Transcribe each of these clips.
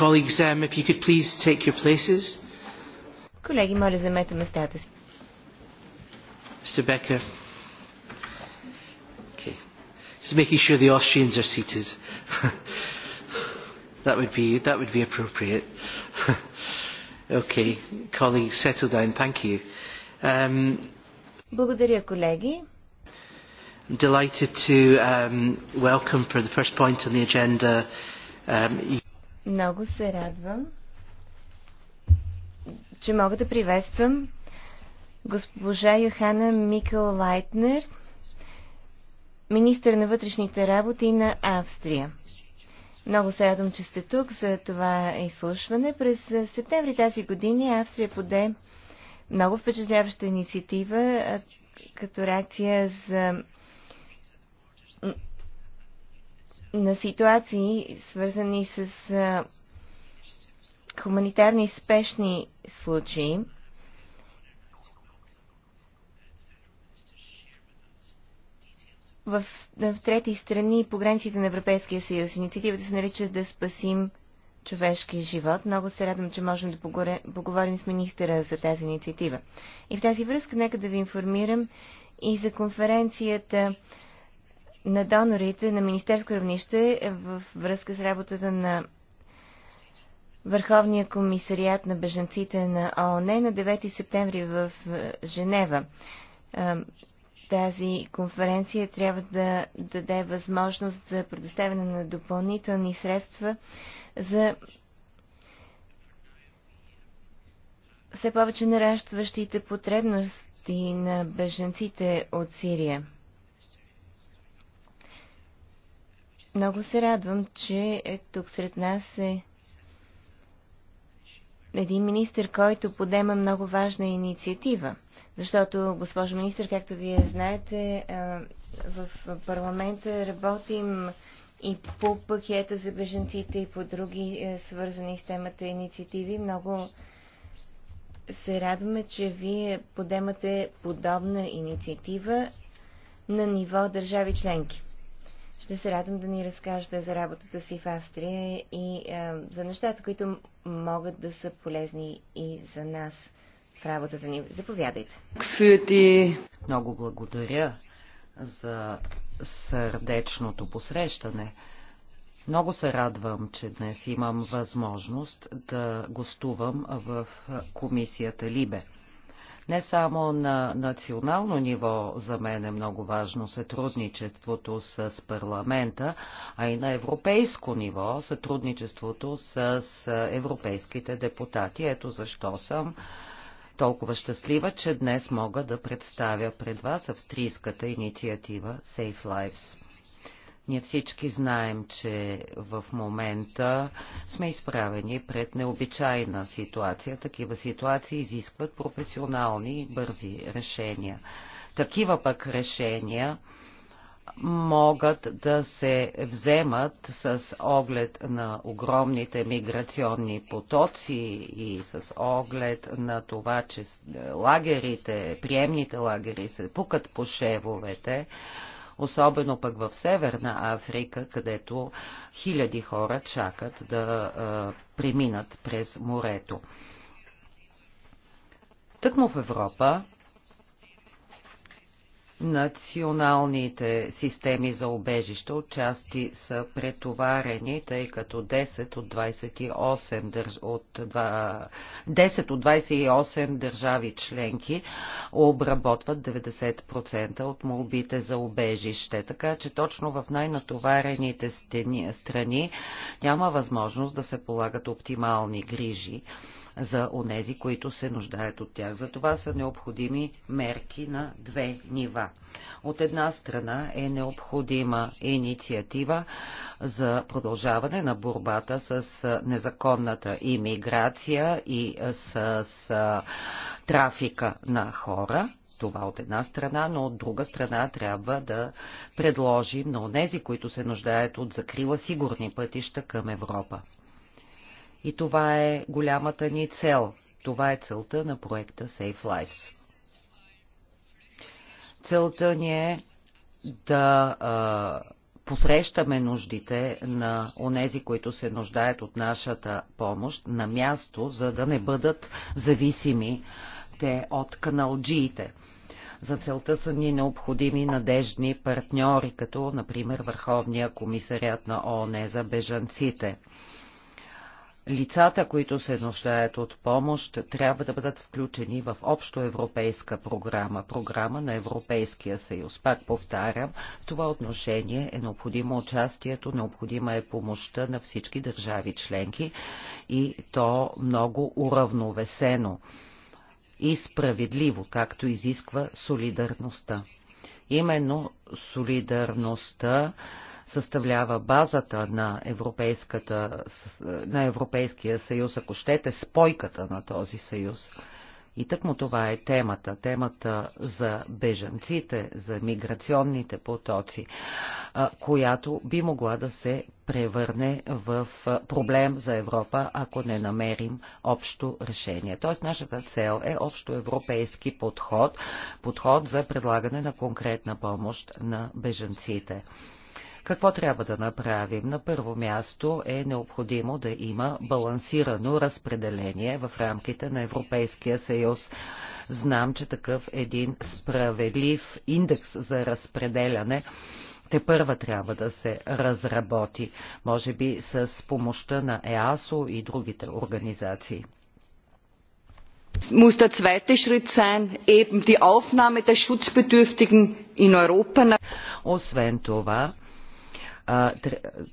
Colleagues, um, if you could please take your places. Колеги, моля, замете местата си. Mr. Becker. Okay. Just making sure the Austrians are seated. that would be that would be appropriate. okay, colleagues, settle down. Thank you. Um, Благодаря, колеги. I'm delighted to um, welcome for the first point on the agenda um, много се радвам, че мога да приветствам госпожа Йохана Микъл Лайтнер, министър на вътрешните работи на Австрия. Много се радвам, че сте тук за това изслушване. През септември тази година Австрия поде много впечатляваща инициатива като реакция за на ситуации, свързани с а, хуманитарни спешни случаи. В, в трети страни по границите на Европейския съюз. Инициативата се нарича да спасим човешки живот. Много се радвам, че можем да поговорим с министъра за тази инициатива. И в тази връзка нека да ви информирам и за конференцията на донорите на министерско равнище в връзка с работата на Върховния комисариат на беженците на ООН на 9 септември в е, Женева. Е, тази конференция трябва да даде възможност за предоставяне на допълнителни средства за все повече нарастващите потребности на беженците от Сирия. Много се радвам, че е тук сред нас е един министр, който подема много важна инициатива. Защото, госпожо министр, както вие знаете, е, в парламента работим и по пакета за беженците и по други е, свързани с темата инициативи. Много се радваме, че вие подемате подобна инициатива на ниво държави членки. Ще се радвам да ни разкажете за работата си в Австрия и а, е, за нещата, които могат да са полезни и за нас в работата ни. Заповядайте. Много благодаря за сърдечното посрещане. Много се радвам, че днес имам възможност да гостувам в комисията Либе. Не само на национално ниво за мен е много важно сътрудничеството с парламента, а и на европейско ниво сътрудничеството с европейските депутати. Ето защо съм толкова щастлива, че днес мога да представя пред вас австрийската инициатива Safe Lives. Ние всички знаем, че в момента сме изправени пред необичайна ситуация. Такива ситуации изискват професионални и бързи решения. Такива пък решения могат да се вземат с оглед на огромните миграционни потоци и с оглед на това, че лагерите, приемните лагери се пукат по шевовете, особено пък в Северна Африка, където хиляди хора чакат да а, преминат през морето. Тъкмо в Европа Националните системи за обежище отчасти са претоварени, тъй като 10 от 28, държ... от 2... 10 от 28 държави членки обработват 90% от молбите за обежище. Така че точно в най-натоварените страни няма възможност да се полагат оптимални грижи за онези, които се нуждаят от тях. За това са необходими мерки на две нива. От една страна е необходима инициатива за продължаване на борбата с незаконната имиграция и с трафика на хора. Това от една страна, но от друга страна трябва да предложим на онези, които се нуждаят от закрила сигурни пътища към Европа. И това е голямата ни цел. Това е целта на проекта Safe Lives. Целта ни е да а, посрещаме нуждите на онези, които се нуждаят от нашата помощ на място, за да не бъдат зависими те от каналджиите. За целта са ни необходими надежни партньори, като, например, Върховния комисарят на ООН за бежанците лицата, които се нуждаят от помощ, трябва да бъдат включени в общо европейска програма, програма на Европейския съюз. Пак повтарям, в това отношение е необходимо участието, необходима е помощта на всички държави членки и то много уравновесено и справедливо, както изисква солидарността. Именно солидарността съставлява базата на, европейската, на Европейския съюз, ако щете, спойката на този съюз. И тъкмо това е темата, темата за бежанците, за миграционните потоци, която би могла да се превърне в проблем за Европа, ако не намерим общо решение. Тоест нашата цел е общо европейски подход, подход за предлагане на конкретна помощ на бежанците. Какво трябва да направим? На първо място е необходимо да има балансирано разпределение в рамките на Европейския съюз. Знам, че такъв един справедлив индекс за разпределяне те първа трябва да се разработи, може би с помощта на ЕАСО и другите организации. Muss der zweite Schritt sein, eben die Aufnahme der Schutzbedürftigen in Europa. Освен това,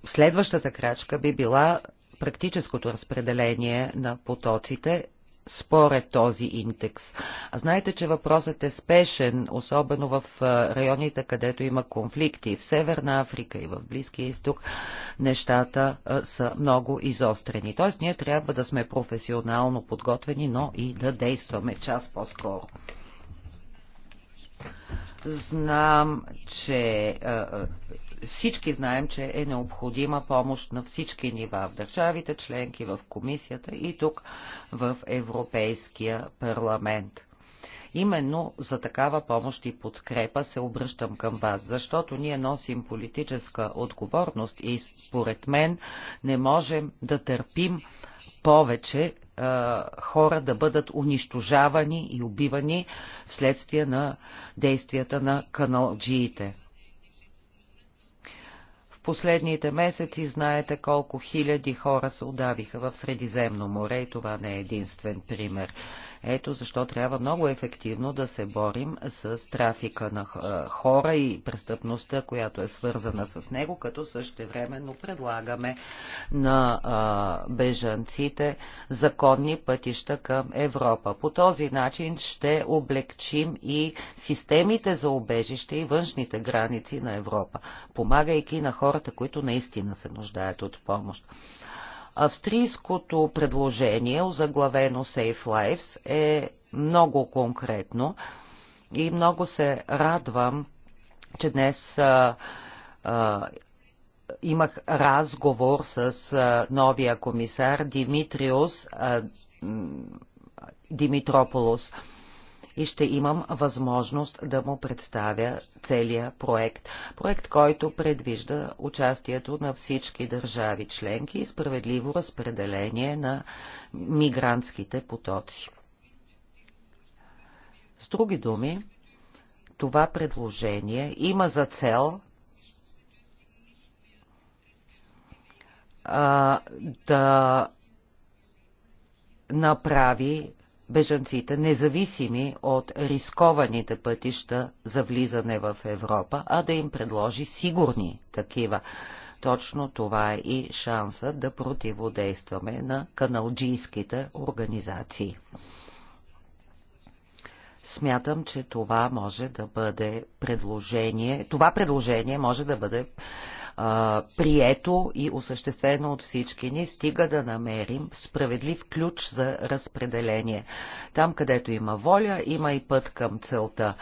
Следващата крачка би била практическото разпределение на потоците според този индекс. А знаете, че въпросът е спешен, особено в районите, където има конфликти. В Северна Африка и в Близкия изток нещата са много изострени. Тоест ние трябва да сме професионално подготвени, но и да действаме час по-скоро. Знам, че всички знаем, че е необходима помощ на всички нива в държавите, членки в комисията и тук в Европейския парламент. Именно за такава помощ и подкрепа се обръщам към вас, защото ние носим политическа отговорност и според мен не можем да търпим повече е, хора да бъдат унищожавани и убивани вследствие на действията на каналджиите последните месеци знаете колко хиляди хора се удавиха в Средиземно море и това не е единствен пример. Ето защо трябва много ефективно да се борим с трафика на хора и престъпността, която е свързана с него, като същевременно предлагаме на бежанците законни пътища към Европа. По този начин ще облегчим и системите за обежище и външните граници на Европа, помагайки на хората, които наистина се нуждаят от помощ. Австрийското предложение, озаглавено Safe Lives, е много конкретно и много се радвам, че днес а, а, имах разговор с а, новия комисар Димитриус а, Димитрополос. А, и ще имам възможност да му представя целия проект. Проект, който предвижда участието на всички държави членки и справедливо разпределение на мигрантските потоци. С други думи, това предложение има за цел а, да направи бежанците, независими от рискованите пътища за влизане в Европа, а да им предложи сигурни такива. Точно това е и шанса да противодействаме на каналджийските организации. Смятам, че това може да бъде предложение. Това предложение може да бъде а, прието и осъществено от всички ни, стига да намерим справедлив ключ за разпределение. Там, където има воля, има и път към целта.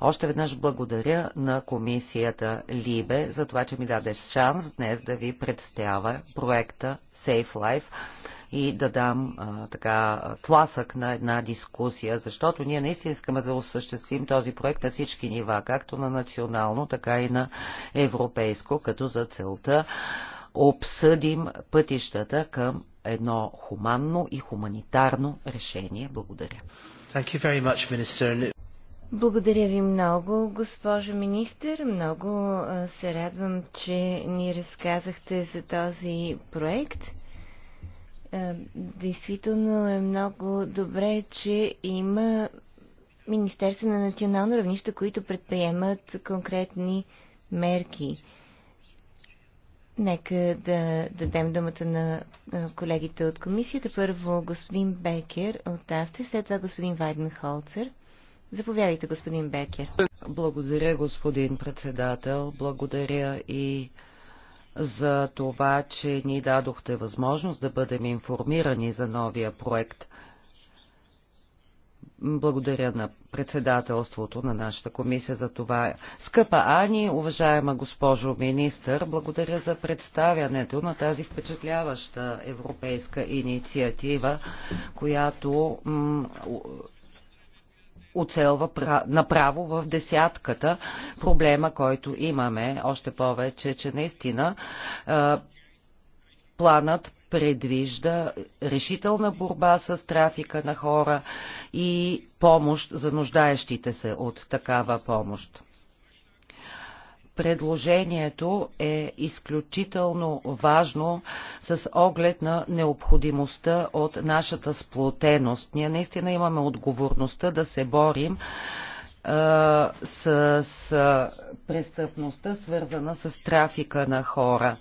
Още веднъж благодаря на комисията Либе за това, че ми даде шанс днес да ви представя проекта Safe Life и да дам а, така тласък на една дискусия, защото ние наистина искаме да осъществим този проект на всички нива, както на национално, така и на европейско, като за целта обсъдим пътищата към едно хуманно и хуманитарно решение. Благодаря. Thank you very much, Minister. Благодаря ви много, госпожо министър. Много се радвам, че ни разказахте за този проект. Е, действително е много добре, че има министерство на национално равнище, които предприемат конкретни мерки. Нека да дадем думата на колегите от комисията. Първо господин Бекер от Австрия, след това господин Вайден Холцер. Заповядайте, господин Бекер. Благодаря, господин председател. Благодаря и за това, че ни дадохте възможност да бъдем информирани за новия проект. Благодаря на председателството на нашата комисия за това. Скъпа Ани, уважаема госпожо министър, благодаря за представянето на тази впечатляваща европейска инициатива, която оцелва направо в десятката проблема, който имаме. Още повече, че наистина планът предвижда решителна борба с трафика на хора и помощ за нуждаещите се от такава помощ предложението е изключително важно с оглед на необходимостта от нашата сплотеност. Ние наистина имаме отговорността да се борим а, с, с престъпността, свързана с трафика на хора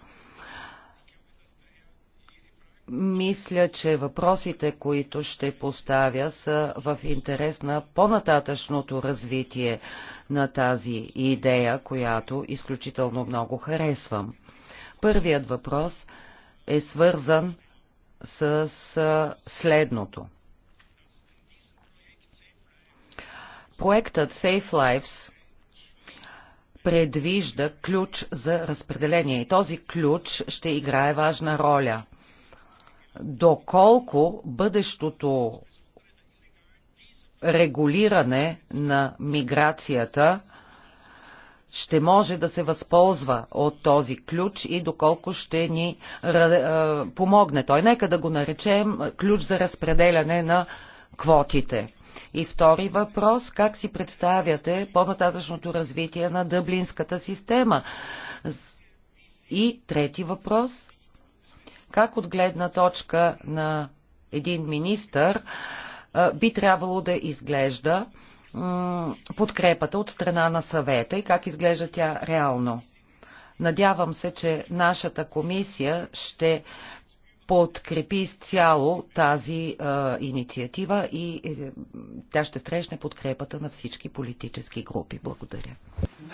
мисля, че въпросите, които ще поставя, са в интерес на по-нататъчното развитие на тази идея, която изключително много харесвам. Първият въпрос е свързан с следното. Проектът Safe Lives предвижда ключ за разпределение и този ключ ще играе важна роля – доколко бъдещото регулиране на миграцията ще може да се възползва от този ключ и доколко ще ни помогне той. Нека да го наречем ключ за разпределяне на квотите. И втори въпрос, как си представяте по-нататъчното развитие на дъблинската система? И трети въпрос, как от гледна точка на един министър би трябвало да изглежда подкрепата от страна на съвета и как изглежда тя реално. Надявам се, че нашата комисия ще подкрепи изцяло тази е, инициатива и е, тя ще срещне подкрепата на всички политически групи. Благодаря.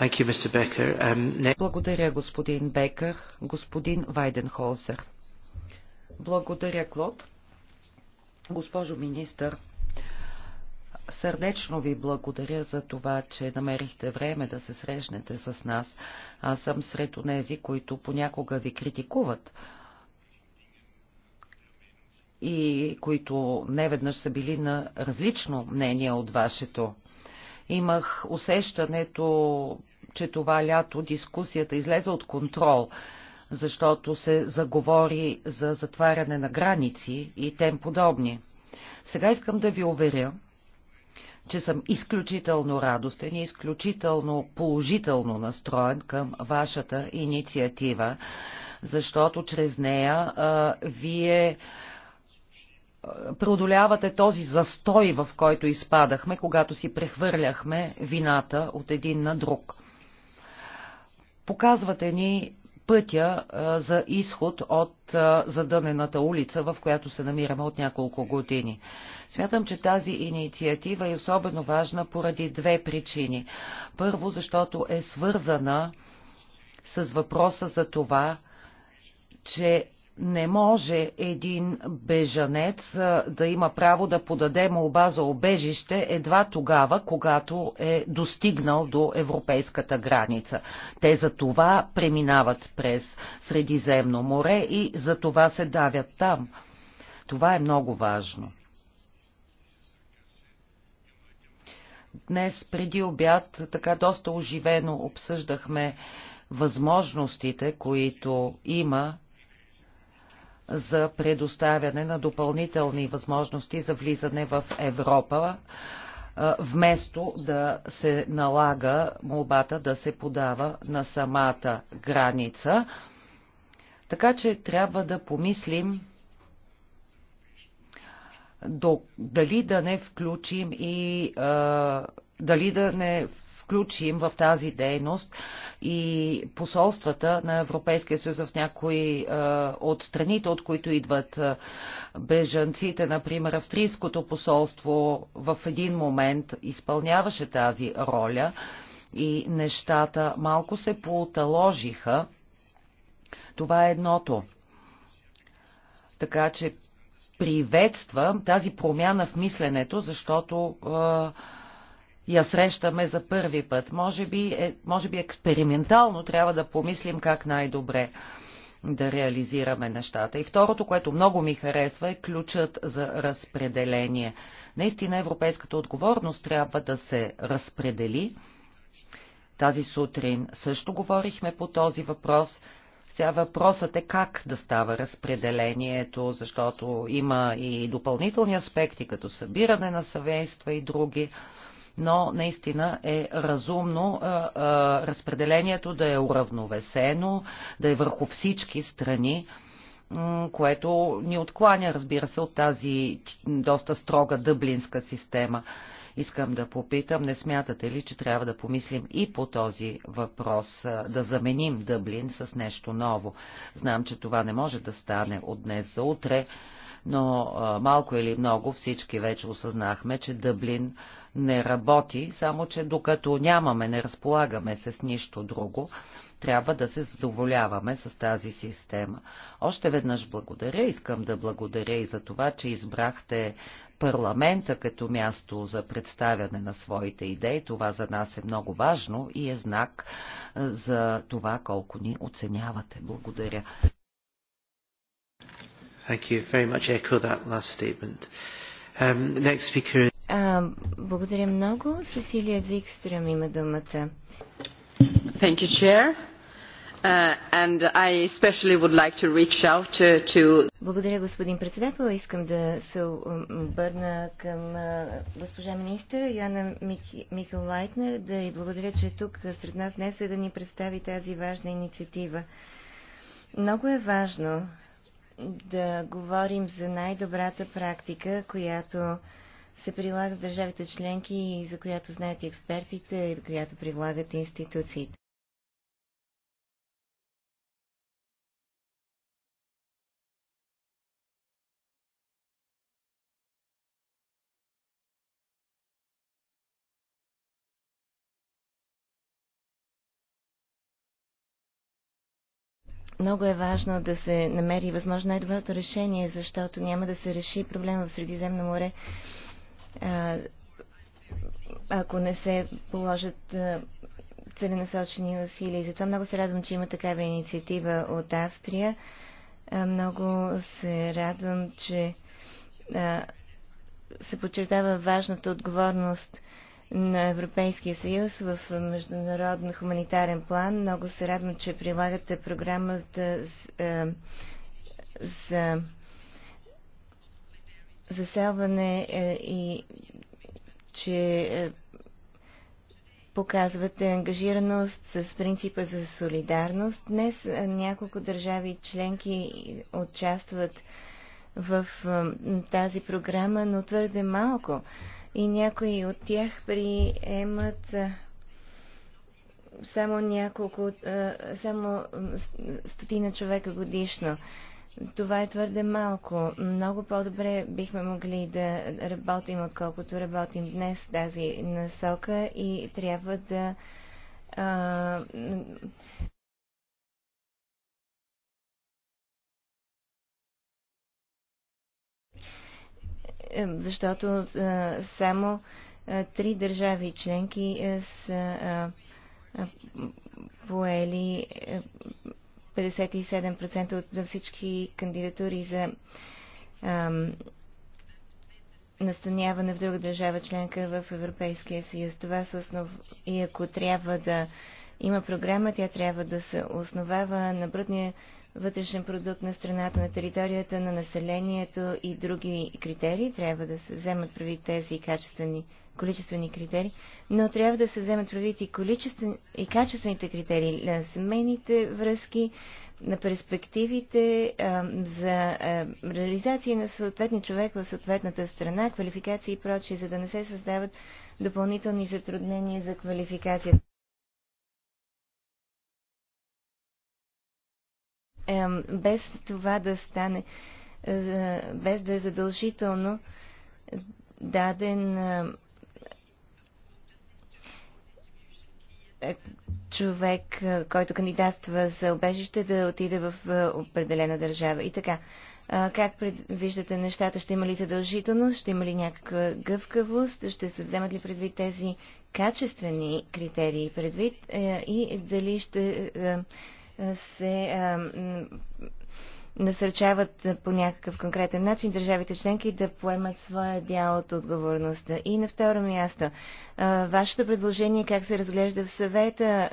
You, um, Благодаря, господин Бекър. Господин Вайденхолсер. Благодаря, Клод. Госпожо министър, сърдечно ви благодаря за това, че намерихте време да се срещнете с нас. Аз съм сред онези, които понякога ви критикуват и които неведнъж са били на различно мнение от вашето. Имах усещането, че това лято дискусията излезе от контрол защото се заговори за затваряне на граници и тем подобни. Сега искам да ви уверя, че съм изключително радостен и изключително положително настроен към вашата инициатива, защото чрез нея а, вие преодолявате този застой, в който изпадахме, когато си прехвърляхме вината от един на друг. Показвате ни пътя за изход от задънената улица, в която се намираме от няколко години. Смятам, че тази инициатива е особено важна поради две причини. Първо, защото е свързана с въпроса за това, че не може един бежанец да има право да подаде молба за обежище едва тогава, когато е достигнал до европейската граница. Те за това преминават през Средиземно море и за това се давят там. Това е много важно. Днес преди обяд така доста оживено обсъждахме възможностите, които има за предоставяне на допълнителни възможности за влизане в Европа, вместо да се налага молбата да се подава на самата граница. Така че трябва да помислим дали да не включим и дали да не включим включим в тази дейност и посолствата на Европейския съюз в някои е, от страните, от които идват е, бежанците. Например, австрийското посолство в един момент изпълняваше тази роля и нещата малко се поталожиха. Това е едното. Така че приветствам тази промяна в мисленето, защото е, я срещаме за първи път. Може би, е, може би експериментално трябва да помислим как най-добре да реализираме нещата. И второто, което много ми харесва, е ключът за разпределение. Наистина европейската отговорност трябва да се разпредели. Тази сутрин също говорихме по този въпрос. Сега въпросът е как да става разпределението, защото има и допълнителни аспекти, като събиране на съвейства и други но наистина е разумно разпределението да е уравновесено, да е върху всички страни което ни откланя, разбира се, от тази доста строга дъблинска система. Искам да попитам, не смятате ли, че трябва да помислим и по този въпрос, да заменим Дъблин с нещо ново? Знам, че това не може да стане от днес за утре, но малко или много всички вече осъзнахме, че Дъблин не работи, само че докато нямаме, не разполагаме се с нищо друго, трябва да се задоволяваме с тази система. Още веднъж благодаря, искам да благодаря и за това, че избрахте парламента като място за представяне на своите идеи. Това за нас е много важно и е знак за това колко ни оценявате. Благодаря. Thank you. Very much echo that last statement. Um, the next speaker is... А, благодаря много. Сесилия Викстрем има думата. Thank you, Chair. Uh, and I especially would like to reach out to, to... Благодаря, господин председател. Искам да се обърна към uh, госпожа министър Йоанна Мик... Микел Лайтнер да и благодаря, че е тук сред нас днес е да ни представи тази важна инициатива. Много е важно да говорим за най-добрата практика, която се прилага в държавите членки и за която знаят експертите, и която прилагат институциите. Много е важно да се намери възможно най-доброто решение, защото няма да се реши проблема в Средиземно море, ако не се положат целенасочени усилия. И затова много се радвам, че има такава инициатива от Австрия. Много се радвам, че се подчертава важната отговорност на Европейския съюз в международно хуманитарен план. Много се радвам, че прилагате програмата за, е, за заселване е, и че е, показвате ангажираност с принципа за солидарност. Днес няколко държави членки участват в тази програма, но твърде малко и някои от тях приемат само няколко, само стотина човека годишно. Това е твърде малко. Много по-добре бихме могли да работим, отколкото работим днес в тази насока и трябва да а, Е, защото е, само е, три държави членки са поели 57% от всички кандидатури за настаняване в друга държава членка в Европейския съюз. Това са основ... И ако трябва да има програма, тя трябва да се основава на брутния вътрешен продукт на страната на територията на населението и други критерии. Трябва да се вземат прави тези качествени, количествени критерии, но трябва да се вземат прави и, и качествените критерии на семейните връзки, на перспективите а, за а, реализация на съответния човек в съответната страна, квалификации и прочие, за да не се създават допълнителни затруднения за квалификацията. без това да стане, е, без да е задължително даден е, е, човек, който кандидатства за обежище, да отиде в определена държава. И така, как предвиждате нещата? Ще има ли задължителност? Ще има ли някаква гъвкавост? Ще се вземат ли предвид тези качествени критерии предвид? И дали ще се насърчават по някакъв конкретен начин държавите членки да поемат своя дял от отговорността. И на второ място, вашето предложение как се разглежда в съвета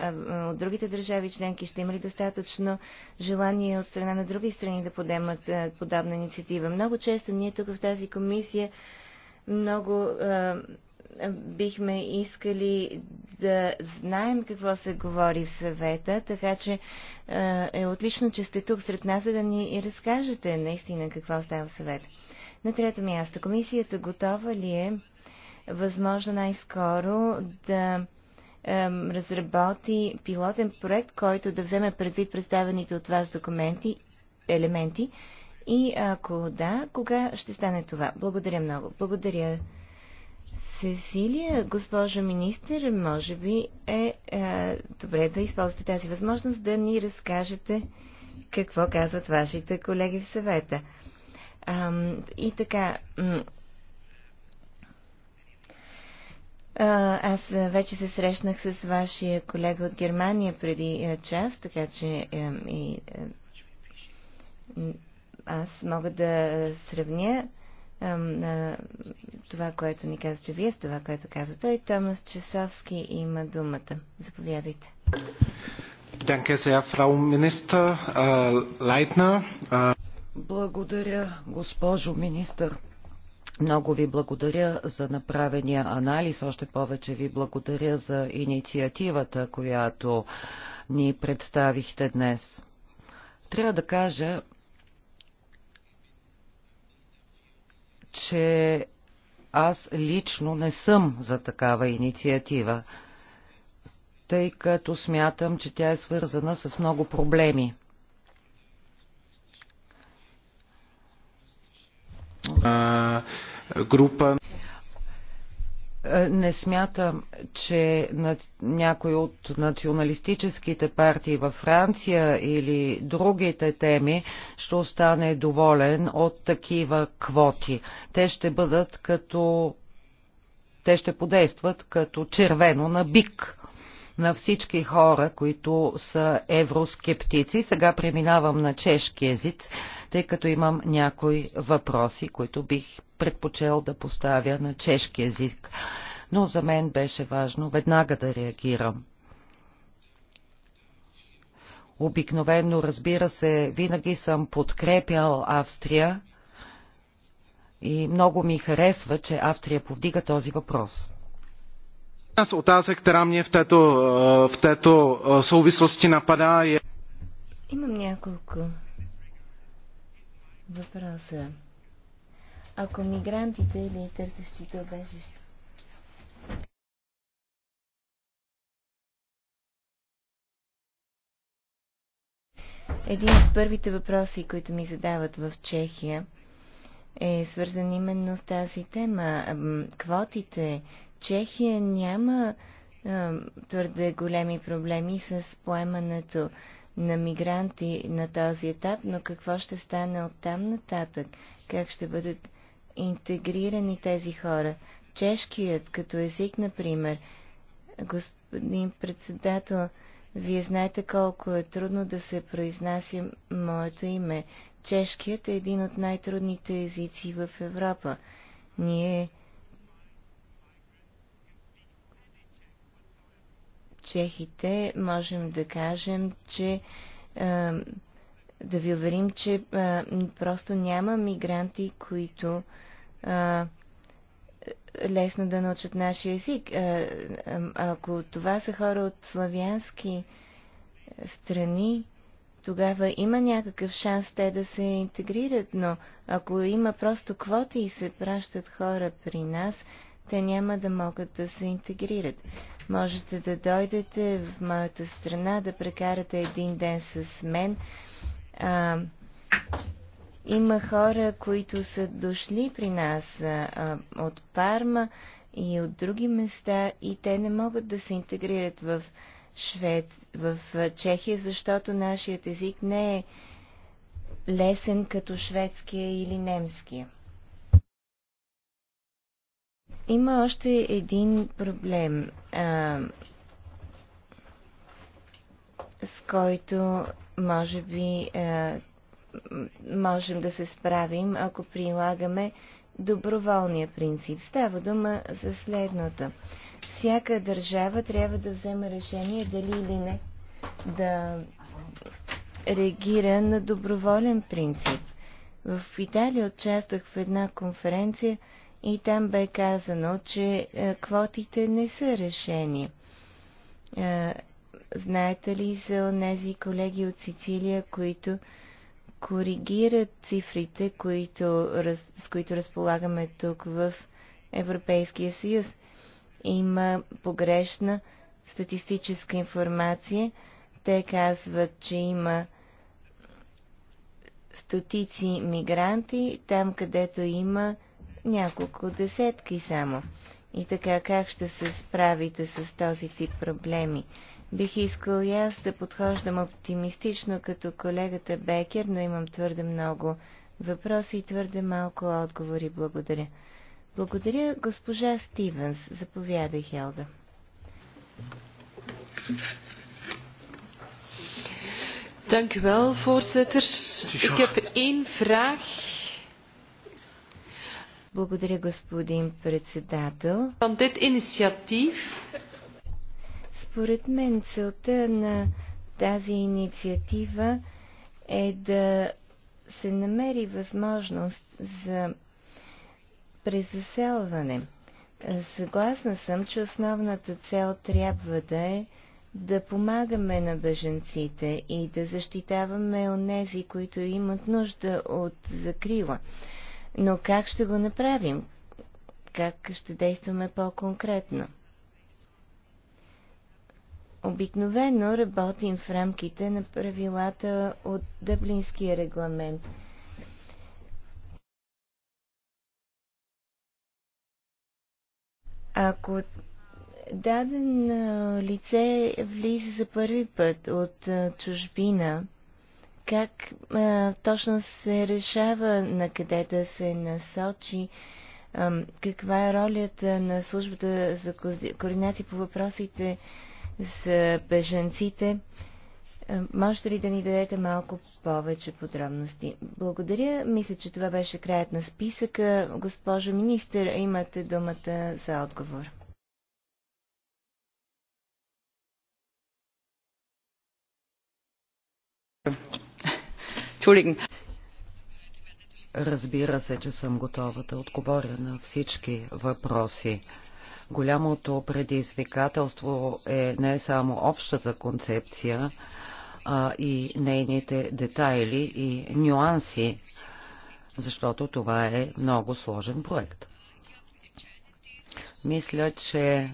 от другите държави членки? Ще има ли достатъчно желание от страна на други страни да подемат подобна инициатива? Много често ние тук в тази комисия много бихме искали да знаем какво се говори в съвета, така че е отлично, че сте тук сред нас, за да ни разкажете наистина какво става в съвета. На трето място, комисията готова ли е възможно най-скоро да разработи пилотен проект, който да вземе предвид представените от вас документи, елементи и ако да, кога ще стане това? Благодаря много. Благодаря Сесилия, госпожа министър, може би е е добре да използвате тази възможност да ни разкажете какво казват вашите колеги в съвета. А, и така, аз вече се срещнах с вашия колега от Германия преди е, час, така че е, и, е, аз мога да сравня на това, което ни казвате вие, с това, което казва той. Томас Чесовски има думата. Заповядайте. Благодаря, госпожо министър. Много ви благодаря за направения анализ, още повече ви благодаря за инициативата, която ни представихте днес. Трябва да кажа, че аз лично не съм за такава инициатива, тъй като смятам, че тя е свързана с много проблеми. група е, не смятам, че някой от националистическите партии във Франция или другите теми ще остане доволен от такива квоти. Те ще бъдат като. Те ще подействат като червено на бик на всички хора, които са евроскептици. Сега преминавам на чешки език, тъй като имам някои въпроси, които бих предпочел да поставя на чешки език. Но за мен беше важно веднага да реагирам. Обикновено разбира се, винаги съм подкрепял Австрия и много ми харесва, че Австрия повдига този въпрос. Jedna z otázek, в тето v této, v Имам няколко въпроса. Е, ако мигрантите или търсещите обежища? Един от първите въпроси, които ми задават в Чехия, е свързан именно с тази тема. Квотите. Чехия няма твърде големи проблеми с поемането на мигранти на този етап, но какво ще стане от там нататък? Как ще бъдат интегрирани тези хора? Чешкият като език, например. Господин председател, вие знаете колко е трудно да се произнася моето име. Чешкият е един от най-трудните езици в Европа. Ние чехите можем да кажем, че да ви уверим, че просто няма мигранти, които лесно да научат нашия език. ако това са хора от славянски страни, тогава има някакъв шанс те да се интегрират, но ако има просто квоти и се пращат хора при нас, те няма да могат да се интегрират. Можете да дойдете в моята страна, да прекарате един ден с мен. А, има хора, които са дошли при нас а, от Парма и от други места и те не могат да се интегрират в Швед, в Чехия, защото нашият език не е лесен като шведския или немския. Има още един проблем, а, с който може би а, можем да се справим, ако прилагаме доброволния принцип. Става дума за следното. Всяка държава трябва да вземе решение дали или не да реагира на доброволен принцип. В Италия участвах в една конференция, и там бе казано, че е, квотите не са решени. Е, знаете ли за тези колеги от Сицилия, които коригират цифрите, които, с които разполагаме тук в Европейския съюз? Има погрешна статистическа информация. Те казват, че има стотици мигранти, там където има няколко десетки само. И така как ще се справите с този тип проблеми? Бих искал и аз да подхождам оптимистично като колегата Бекер, но имам твърде много въпроси и твърде малко отговори. Благодаря. Благодаря, госпожа Стивенс. Заповядай, Хелга. Dank u wel, voorzitter. Ik heb één vraag. Благодаря, господин председател. Според мен целта на тази инициатива е да се намери възможност за презаселване. Съгласна съм, че основната цел трябва да е да помагаме на беженците и да защитаваме онези, които имат нужда от закрила. Но как ще го направим? Как ще действаме по-конкретно? Обикновено работим в рамките на правилата от Дъблинския регламент. Ако даден лице влиза за първи път от чужбина как а, точно се решава на къде да се насочи, а, каква е ролята на службата за координация по въпросите за бежанците. А, можете ли да ни дадете малко повече подробности? Благодаря. Мисля, че това беше краят на списъка. Госпожо министър, имате думата за отговор. Thank you entschuldigen. Разбира се, че съм готова да отговоря на всички въпроси. Голямото предизвикателство е не само общата концепция, а и нейните детайли и нюанси, защото това е много сложен проект. Мисля, че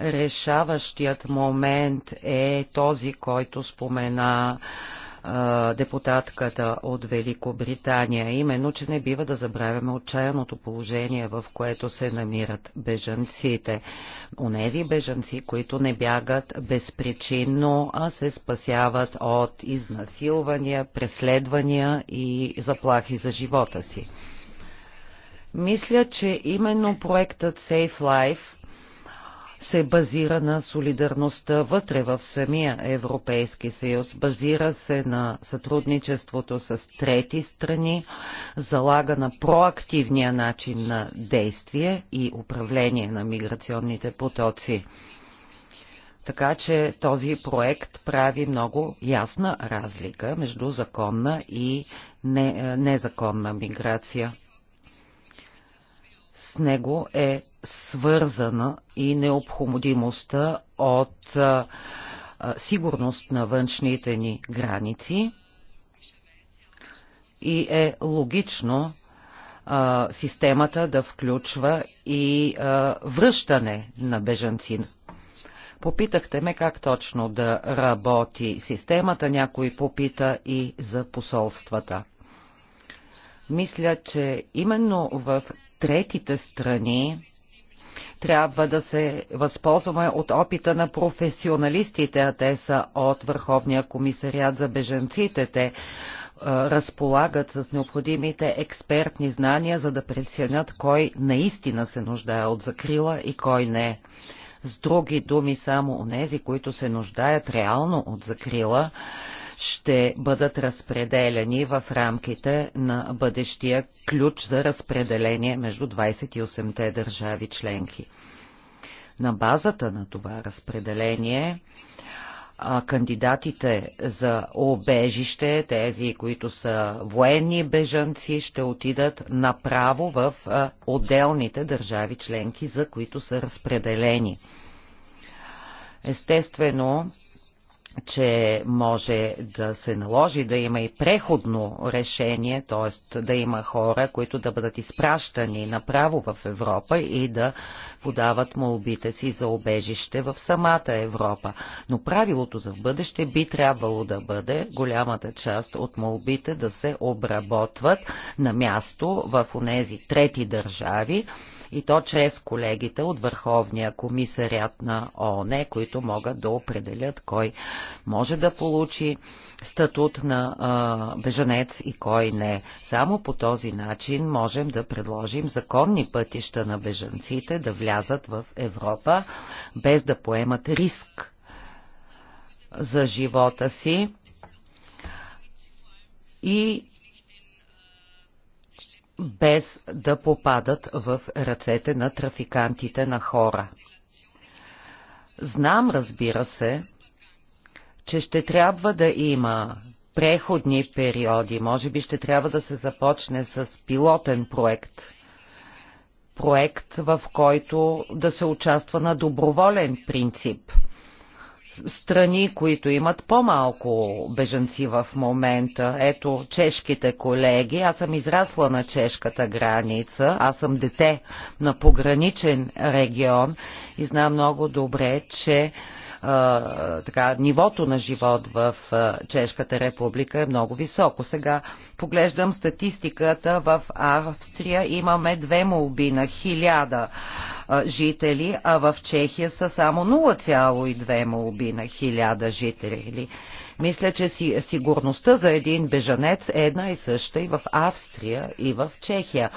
решаващият момент е този, който спомена депутатката от Великобритания, именно, че не бива да забравяме отчаяното положение, в което се намират бежанците. Онези бежанци, които не бягат безпричинно, а се спасяват от изнасилвания, преследвания и заплахи за живота си. Мисля, че именно проектът Safe Life се базира на солидарността вътре в самия Европейски съюз, базира се на сътрудничеството с трети страни, залага на проактивния начин на действие и управление на миграционните потоци. Така че този проект прави много ясна разлика между законна и незаконна миграция с него е свързана и необходимостта от сигурност на външните ни граници и е логично а, системата да включва и а, връщане на бежанци. Попитахте ме как точно да работи системата, някой попита и за посолствата. Мисля, че именно в третите страни, трябва да се възползваме от опита на професионалистите, а те са от Върховния комисариат за беженците. Те е, разполагат с необходимите експертни знания, за да преценят кой наистина се нуждае от закрила и кой не. С други думи, само онези, които се нуждаят реално от закрила, ще бъдат разпределени в рамките на бъдещия ключ за разпределение между 28-те държави членки. На базата на това разпределение кандидатите за обежище, тези, които са военни бежанци, ще отидат направо в отделните държави членки, за които са разпределени. Естествено, че може да се наложи да има и преходно решение, т.е. да има хора, които да бъдат изпращани направо в Европа и да подават молбите си за обежище в самата Европа. Но правилото за бъдеще би трябвало да бъде голямата част от молбите да се обработват на място в онези трети държави, и то чрез колегите от Върховния комисарят на ООН, които могат да определят кой може да получи статут на а, бежанец и кой не. Само по този начин можем да предложим законни пътища на бежанците да влязат в Европа, без да поемат риск за живота си и без да попадат в ръцете на трафикантите на хора. Знам, разбира се, че ще трябва да има преходни периоди. Може би ще трябва да се започне с пилотен проект. Проект, в който да се участва на доброволен принцип – страни, които имат по-малко бежанци в момента. Ето, чешките колеги, аз съм израсла на чешката граница, аз съм дете на пограничен регион и знам много добре, че така, нивото на живот в Чешката република е много високо. Сега поглеждам статистиката в Австрия. Имаме две молби на хиляда жители, а в Чехия са само 0,2 молби на хиляда жители. Мисля, че сигурността за един бежанец е една и съща и в Австрия, и в Чехия.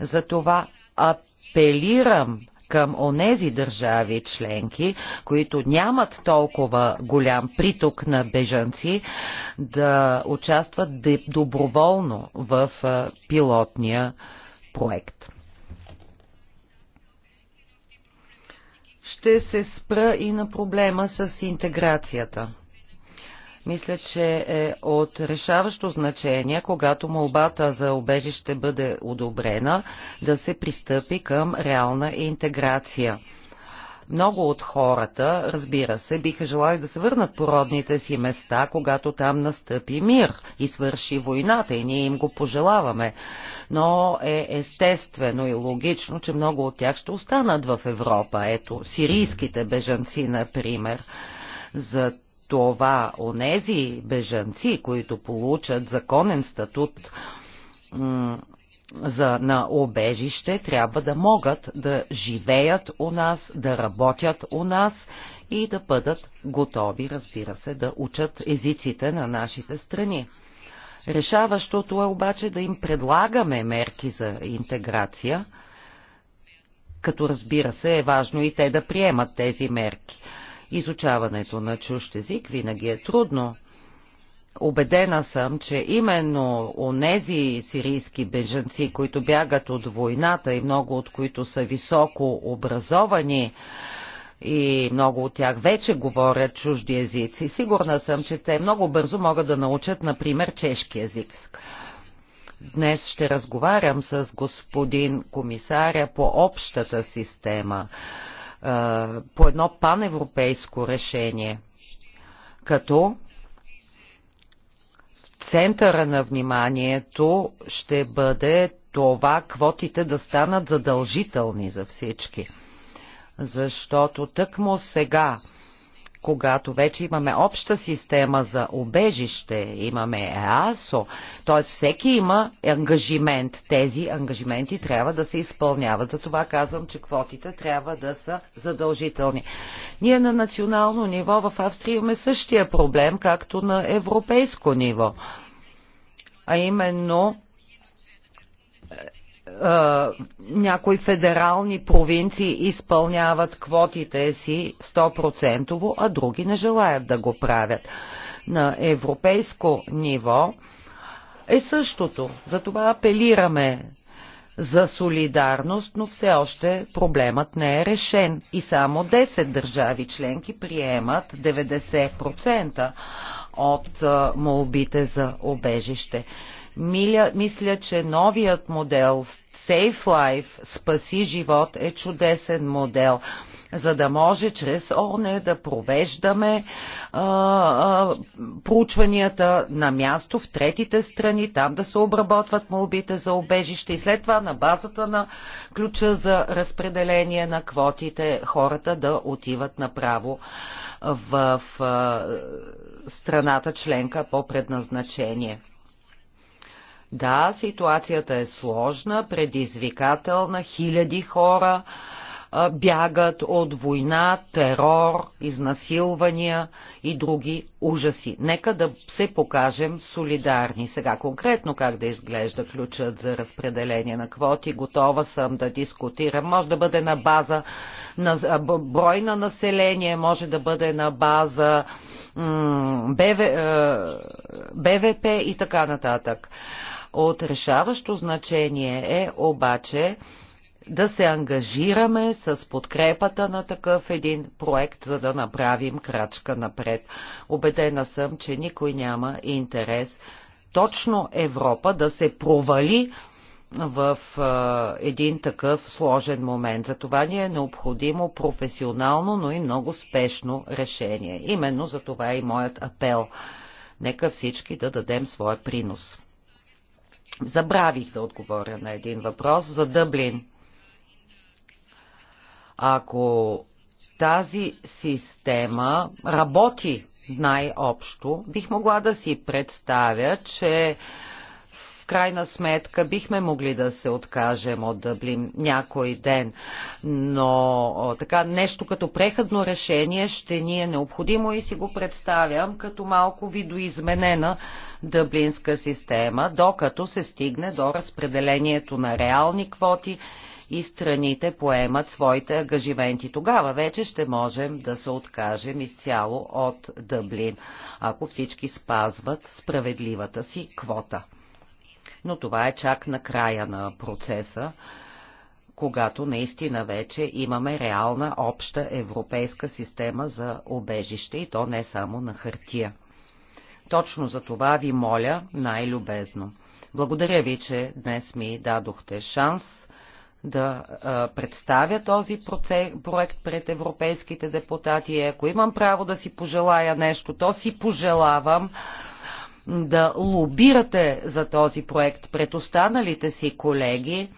Затова апелирам към онези държави членки, които нямат толкова голям приток на бежанци, да участват доброволно в пилотния проект. Ще се спра и на проблема с интеграцията мисля, че е от решаващо значение, когато молбата за обежище бъде одобрена, да се пристъпи към реална интеграция. Много от хората, разбира се, биха желали да се върнат по родните си места, когато там настъпи мир и свърши войната и ние им го пожелаваме. Но е естествено и логично, че много от тях ще останат в Европа. Ето, сирийските бежанци, например. За това онези бежанци, които получат законен статут за, на обежище, трябва да могат да живеят у нас, да работят у нас и да бъдат готови, разбира се, да учат езиците на нашите страни. Решаващото е обаче да им предлагаме мерки за интеграция, като разбира се е важно и те да приемат тези мерки. Изучаването на чужд език винаги е трудно. Обедена съм, че именно онези сирийски бежанци, които бягат от войната и много от които са високо образовани, и много от тях вече говорят чужди езици. Сигурна съм, че те много бързо могат да научат, например, чешки език. Днес ще разговарям с господин комисаря по общата система по едно паневропейско решение, като в центъра на вниманието ще бъде това квотите да станат задължителни за всички. Защото тъкмо сега когато вече имаме обща система за обежище, имаме ЕАСО, т.е. всеки има ангажимент. Тези ангажименти трябва да се изпълняват. Затова казвам, че квотите трябва да са задължителни. Ние на национално ниво в Австрия имаме същия проблем, както на европейско ниво. А именно е, някои федерални провинции изпълняват квотите си 100%, а други не желаят да го правят. На европейско ниво е същото. Затова апелираме за солидарност, но все още проблемът не е решен и само 10 държави членки приемат 90% от е, молбите за обежище. мисля, че новият модел Save Life, Спаси живот е чудесен модел за да може чрез ОНЕ да провеждаме а, а, проучванията на място в третите страни, там да се обработват молбите за обежище и след това на базата на ключа за разпределение на квотите хората да отиват направо в, в страната членка по предназначение. Да, ситуацията е сложна, предизвикателна, хиляди хора а, бягат от война, терор, изнасилвания и други ужаси. Нека да се покажем солидарни. Сега конкретно как да изглежда ключът за разпределение на квоти, готова съм да дискутирам. Може да бъде на база на брой на население, може да бъде на база БВ, БВП и така нататък. От решаващо значение е обаче да се ангажираме с подкрепата на такъв един проект, за да направим крачка напред. Обедена съм, че никой няма интерес точно Европа да се провали в е, един такъв сложен момент. За това ни е необходимо професионално, но и много спешно решение. Именно за това е и моят апел. Нека всички да дадем своя принос. Забравих да отговоря на един въпрос за Дъблин. Ако тази система работи най-общо, бих могла да си представя, че в крайна сметка бихме могли да се откажем от Дъблин някой ден, но така нещо като преходно решение ще ни е необходимо и си го представям като малко видоизменена дъблинска система, докато се стигне до разпределението на реални квоти и страните поемат своите ангажименти. Тогава вече ще можем да се откажем изцяло от Дъблин, ако всички спазват справедливата си квота. Но това е чак на края на процеса, когато наистина вече имаме реална обща европейска система за обежище и то не само на хартия. Точно за това ви моля най-любезно. Благодаря ви, че днес ми дадохте шанс да а, представя този процес, проект пред европейските депутати. Ако имам право да си пожелая нещо, то си пожелавам да лобирате за този проект пред останалите си колеги,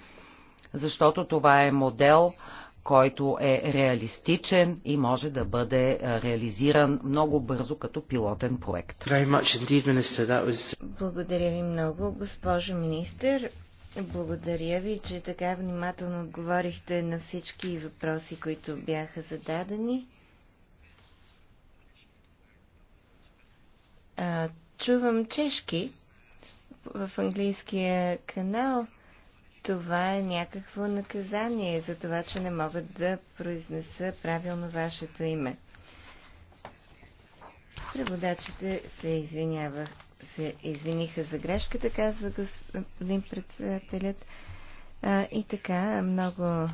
защото това е модел, който е реалистичен и може да бъде е, реализиран много бързо като пилотен проект. Благодаря ви много, госпожо министр. Благодаря ви, че така внимателно отговорихте на всички въпроси, които бяха зададени. А, чувам чешки в английския канал това е някакво наказание за това, че не могат да произнеса правилно вашето име. Преводачите се, се извиниха за грешката, казва господин председателят. А, и така, много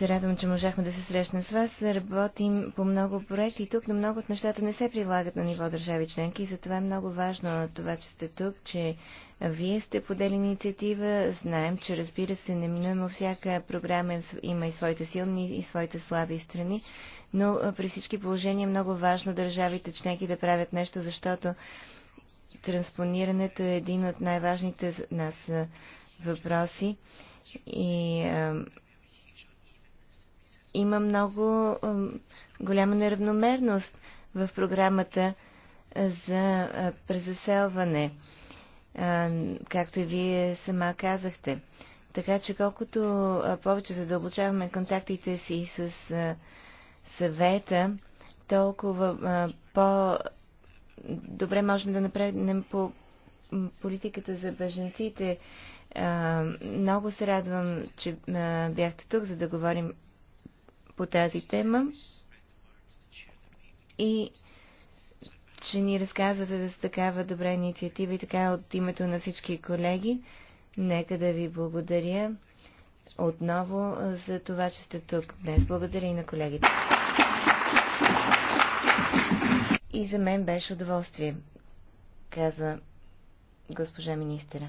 се радвам, че можахме да се срещнем с вас. Работим по много проекти тук, но много от нещата не се прилагат на ниво държави членки и затова е много важно това, че сте тук, че вие сте подели инициатива. Знаем, че разбира се, неминуемо всяка програма има и своите силни и своите слаби страни, но при всички положения е много важно държавите членки да правят нещо, защото транспонирането е един от най-важните нас въпроси и има много голяма неравномерност в програмата за презаселване, както и вие сама казахте. Така че колкото повече задълбочаваме контактите си с съвета, толкова по-добре можем да направим по политиката за беженците. Много се радвам, че бяхте тук, за да говорим по тази тема и че ни разказвате за такава добра инициатива и така от името на всички колеги. Нека да ви благодаря отново за това, че сте тук днес. Благодаря и на колегите. И за мен беше удоволствие, казва госпожа министра.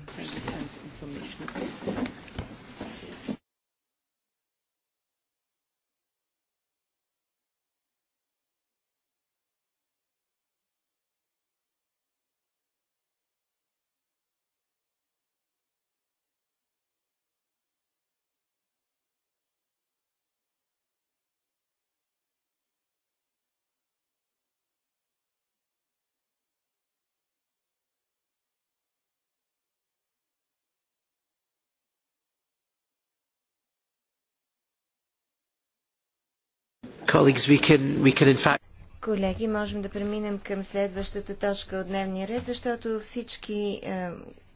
Колеги, можем да преминем към следващата точка от дневния ред, защото всички е,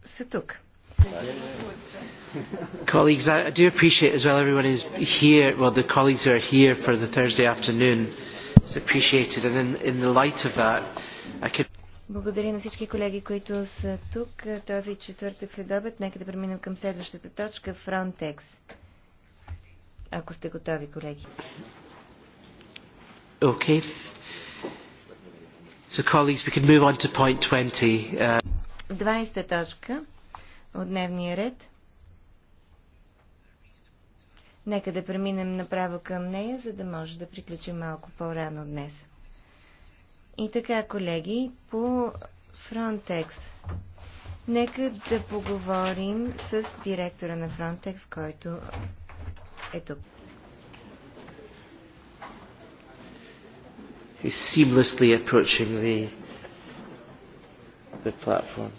са тук. Colleagues, I do appreciate as well everyone is here, well the colleagues who are here for the Thursday afternoon is appreciated and in, in the light of that I could... Благодаря на всички колеги, които са тук този четвъртък след обед. Нека да преминем към следващата точка, Frontex. Ако сте готови, колеги. Okay. So colleagues, we can move on to point 20. Uh... 20 точка от дневния ред. Нека да преминем направо към нея, за да може да приключим малко по-рано днес. И така, колеги, по Frontex. Нека да поговорим с директора на Frontex, който е тук. is seamlessly approaching the, the platform.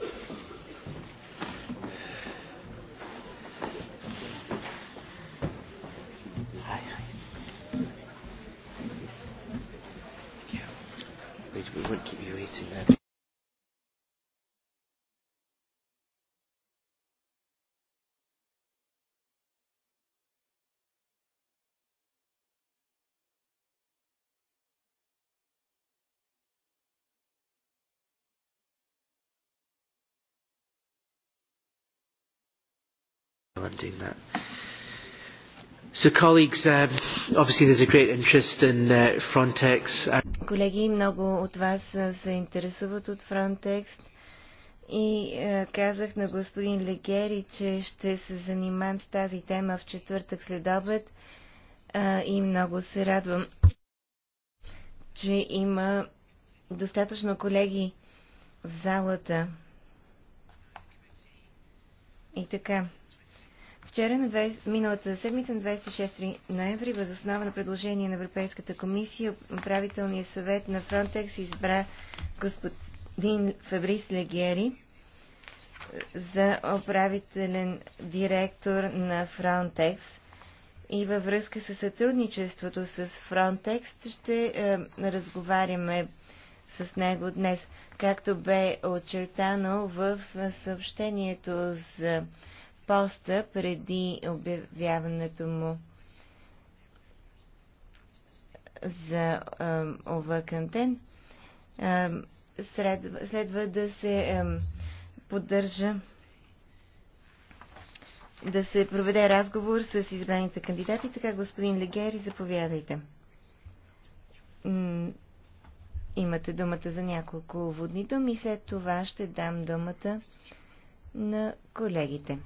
I'm doing that. So, colleagues, um, obviously there's a great interest in uh, Frontex. Колеги, много от вас се интересуват от Frontex и е, казах на господин Легери, че ще се занимаем с тази тема в четвъртък след обед е, и много се радвам, че има достатъчно колеги в залата. И така. Вчера, на 20, миналата седмица, на 26 ноември, възоснова на предложение на Европейската комисия, управителният съвет на Фронтекс избра господин Фабрис Легери е, за управителен директор на Фронтекс и във връзка с сътрудничеството с Фронтекс ще е, разговаряме с него днес, както бе очертано в е, съобщението за поста преди обявяването му за овакантен, следва, да се поддържа да се проведе разговор с избраните кандидати. Така, господин Легери, заповядайте. Имате думата за няколко водни думи след това ще дам думата на колегите.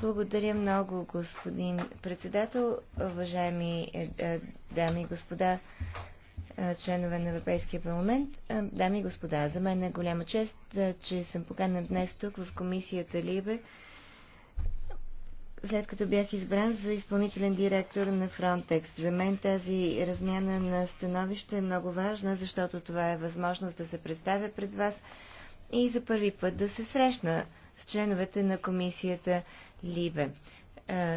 Благодаря много, господин председател. Уважаеми е, е, дами и господа, е, членове на Европейския парламент, дами и господа, за мен е голяма чест, че съм поканен днес тук в комисията Либе, след като бях избран за изпълнителен директор на Frontex. За мен тази размяна на становище е много важна, защото това е възможност да се представя пред вас и за първи път да се срещна с членовете на комисията Либе.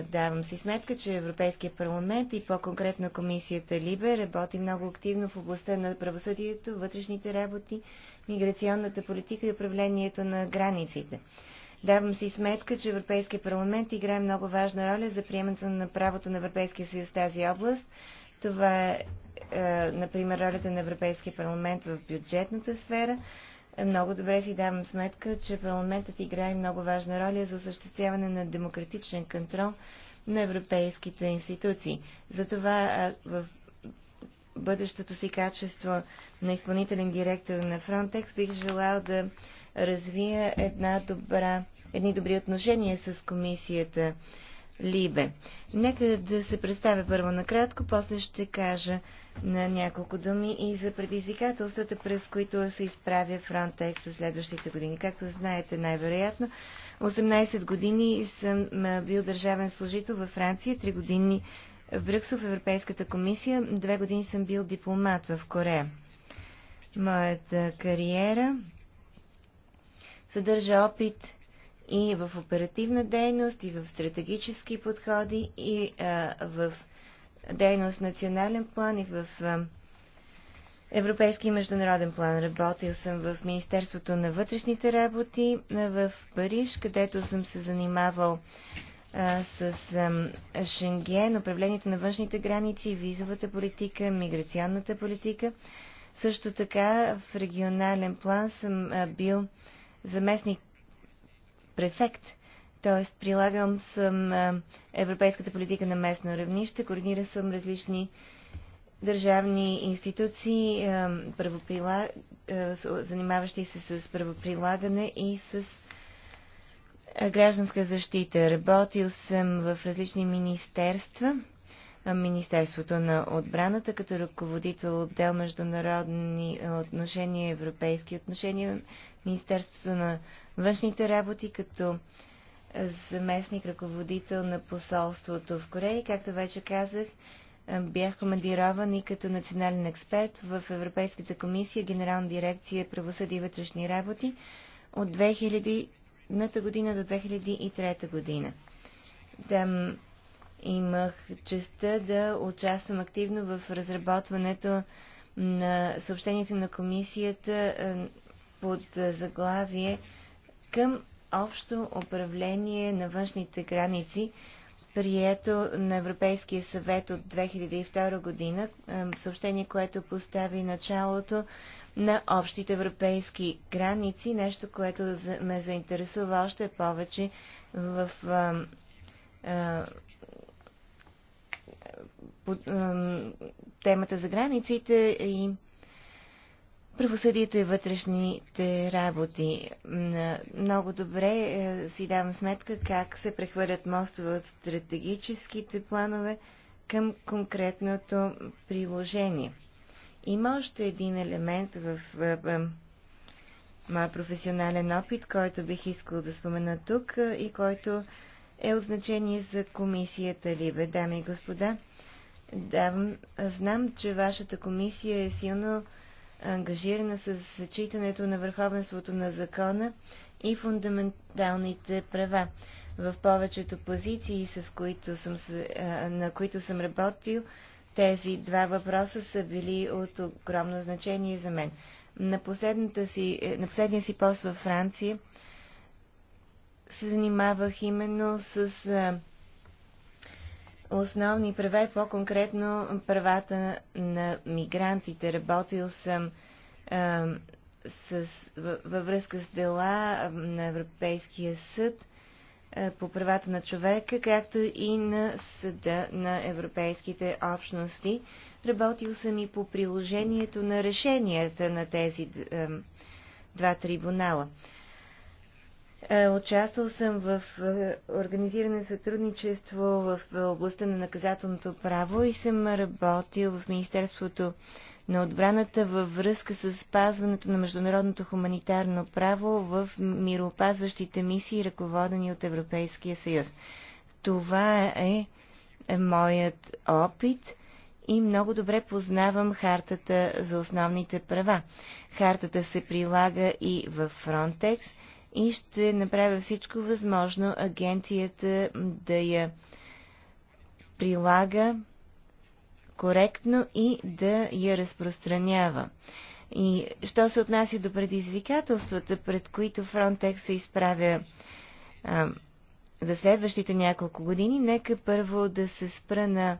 Давам си сметка, че Европейския парламент и по-конкретно комисията Либе работи много активно в областта на правосъдието, вътрешните работи, миграционната политика и управлението на границите. Давам си сметка, че Европейския парламент играе много важна роля за приемането на правото на Европейския съюз в тази област. Това е, е например, ролята на Европейския парламент в бюджетната сфера, е, много добре си давам сметка, че парламентът играе много важна роля за осъществяване на демократичен контрол на европейските институции. Затова в бъдещото си качество на изпълнителен директор на Frontex бих желал да развия една добра, едни добри отношения с комисията Либе. Нека да се представя първо накратко, после ще кажа на няколко думи и за предизвикателствата, през които се изправя Frontex за следващите години. Както знаете, най-вероятно, 18 години съм бил държавен служител във Франция, 3 години в Брюксел в Европейската комисия, 2 години съм бил дипломат в Корея. Моята кариера съдържа опит – и в оперативна дейност, и в стратегически подходи, и а, в дейност в национален план, и в а, европейски и международен план. Работил съм в Министерството на вътрешните работи в Париж, където съм се занимавал а, с а, Шенген, управлението на външните граници, визовата политика, миграционната политика. Също така в регионален план съм а, бил заместник префект. Тоест, прилагам съм европейската политика на местно равнище, координира съм различни държавни институции, правоприла... занимаващи се с правоприлагане и с гражданска защита. Работил съм в различни министерства Министерството на отбраната като ръководител отдел международни отношения, европейски отношения, Министерството на външните работи като заместник ръководител на посолството в Корея. Както вече казах, бях командирован и като национален експерт в Европейската комисия, Генерална дирекция правосъди и вътрешни работи от 2000 година до 2003 година. Там Имах честа да участвам активно в разработването на съобщението на комисията е, под заглавие към общо управление на външните граници, прието на Европейския съвет от 2002 година, е, съобщение, което постави началото на общите европейски граници, нещо, което ме заинтересува още повече в е, по, е, темата за границите и правосъдието и вътрешните работи. Много добре е, си давам сметка как се прехвърлят мостове от стратегическите планове към конкретното приложение. Има още един елемент в моя професионален опит, който бих искал да спомена тук е, и който е от значение за комисията Либе. Дами и господа, да, знам, че вашата комисия е силно ангажирана с зачитането на върховенството на закона и фундаменталните права. В повечето позиции, с които съм, на които съм работил, тези два въпроса са били от огромно значение за мен. На, си, е, на последния си пост във Франция се занимавах именно с основни права и по-конкретно правата на мигрантите. Работил съм а, с, във връзка с дела на Европейския съд а, по правата на човека, както и на съда на европейските общности. Работил съм и по приложението на решенията на тези а, два трибунала. Е, участвал съм в е, организиране сътрудничество в областта на наказателното право и съм работил в Министерството на отбраната във връзка с спазването на международното хуманитарно право в мироопазващите мисии, ръководени от Европейския съюз. Това е, е моят опит и много добре познавам хартата за основните права. Хартата се прилага и в Фронтекс – и ще направя всичко възможно агенцията да я прилага коректно и да я разпространява. И що се отнася до предизвикателствата, пред които Frontex се изправя а, за следващите няколко години, нека първо да се спра на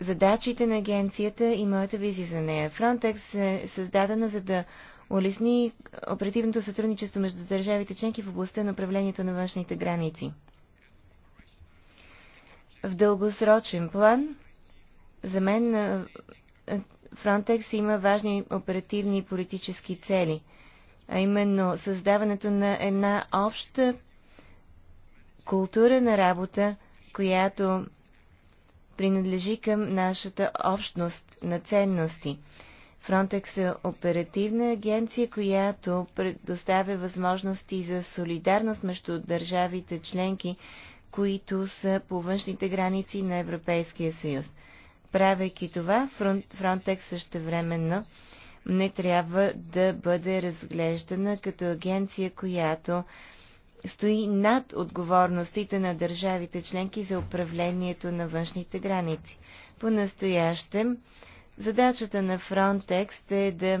задачите на агенцията и моята визия за нея. Frontex е създадена за да улесни оперативното сътрудничество между държавите членки в областта на управлението на външните граници. В дългосрочен план, за мен Фронтекс има важни оперативни и политически цели, а именно създаването на една обща култура на работа, която принадлежи към нашата общност на ценности – Frontex е оперативна агенция, която предоставя възможности за солидарност между държавите членки, които са по външните граници на Европейския съюз. Правейки това, Frontex временно не трябва да бъде разглеждана като агенция, която стои над отговорностите на държавите членки за управлението на външните граници. По-настоящем Задачата на Frontex е да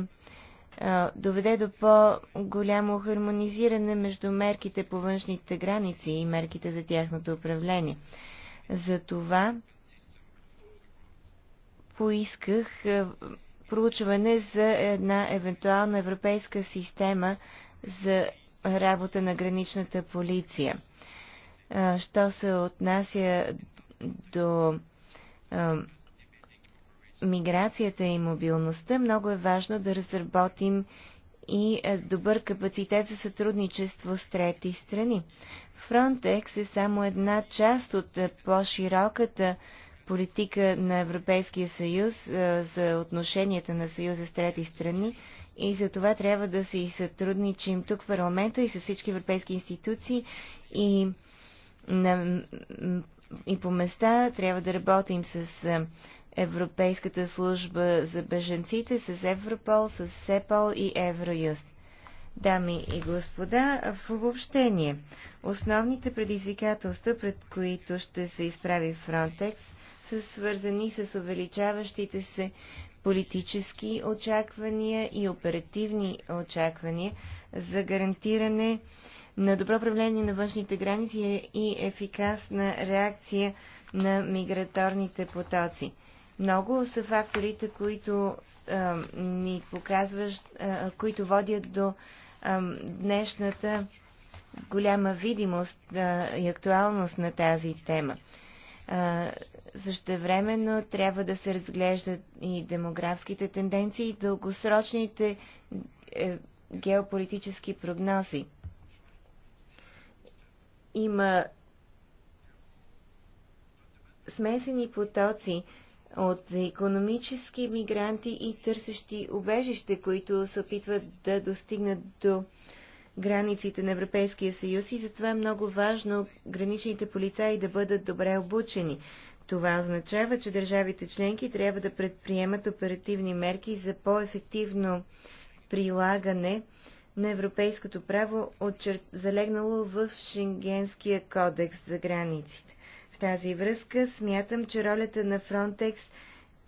доведе до по-голямо хармонизиране между мерките по външните граници и мерките за тяхното управление. Затова поисках проучване за една евентуална европейска система за работа на граничната полиция. Що се отнася до миграцията и мобилността, много е важно да разработим и е, добър капацитет за сътрудничество с трети страни. Фронтекс е само една част от е, по-широката политика на Европейския съюз е, за отношенията на съюза с трети страни и за това трябва да се и сътрудничим тук в парламента и с всички европейски институции и, на, и по места трябва да работим с Европейската служба за беженците, с Европол, с СЕПОЛ и Евроюст. Дами и господа, в обобщение, основните предизвикателства, пред които ще се изправи Фронтекс, са свързани с увеличаващите се политически очаквания и оперативни очаквания за гарантиране на добро управление на външните граници и ефикасна реакция на миграторните потоци. Много са факторите, които а, ни показваш, а, които водят до а, днешната голяма видимост а, и актуалност на тази тема. Същевременно трябва да се разглеждат и демографските тенденции и дългосрочните е, геополитически прогнози. Има смесени потоци от економически мигранти и търсещи убежище, които се опитват да достигнат до границите на Европейския съюз и затова е много важно граничните полицаи да бъдат добре обучени. Това означава, че държавите членки трябва да предприемат оперативни мерки за по-ефективно прилагане на европейското право, залегнало в Шенгенския кодекс за границите. В тази връзка смятам, че ролята на Фронтекс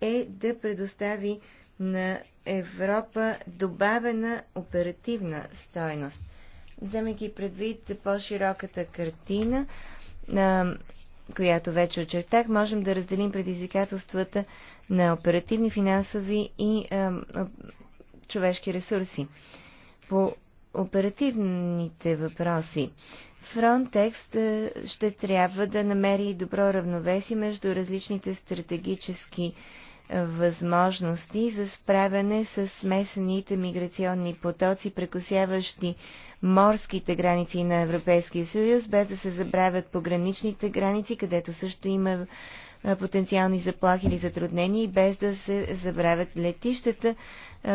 е да предостави на Европа добавена оперативна стойност. Вземайки предвид по-широката картина, която вече очертах, можем да разделим предизвикателствата на оперативни, финансови и а, човешки ресурси. По оперативните въпроси. Frontex е, ще трябва да намери добро равновесие между различните стратегически е, възможности за справяне с смесените миграционни потоци, прекосяващи морските граници на Европейския съюз, без да се забравят пограничните граници, където също има потенциални заплахи или затруднения и без да се забравят летищата,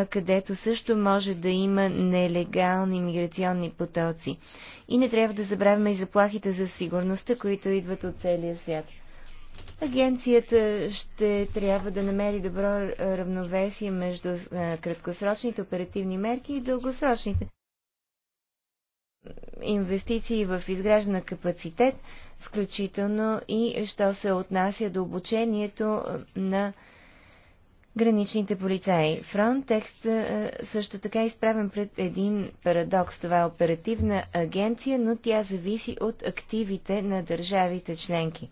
където също може да има нелегални миграционни потоци. И не трябва да забравяме и заплахите за сигурността, които идват от целия свят. Агенцията ще трябва да намери добро равновесие между краткосрочните оперативни мерки и дългосрочните инвестиции в изграждане капацитет, включително и що се отнася до обучението на граничните полицаи. Фронтекс също така е изправен пред един парадокс. Това е оперативна агенция, но тя зависи от активите на държавите членки.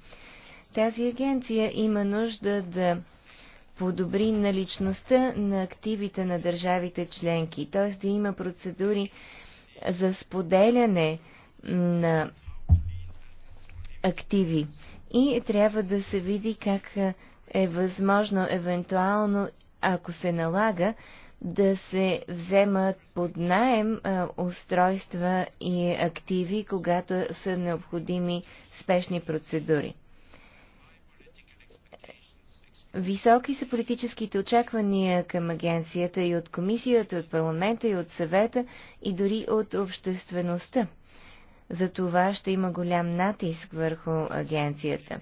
Тази агенция има нужда да подобри наличността на активите на държавите членки, т.е. да има процедури за споделяне на активи. И трябва да се види как е възможно, евентуално, ако се налага, да се вземат под найем устройства и активи, когато са необходими спешни процедури. Високи са политическите очаквания към агенцията и от комисията, от парламента, и от съвета, и дори от обществеността. За това ще има голям натиск върху агенцията.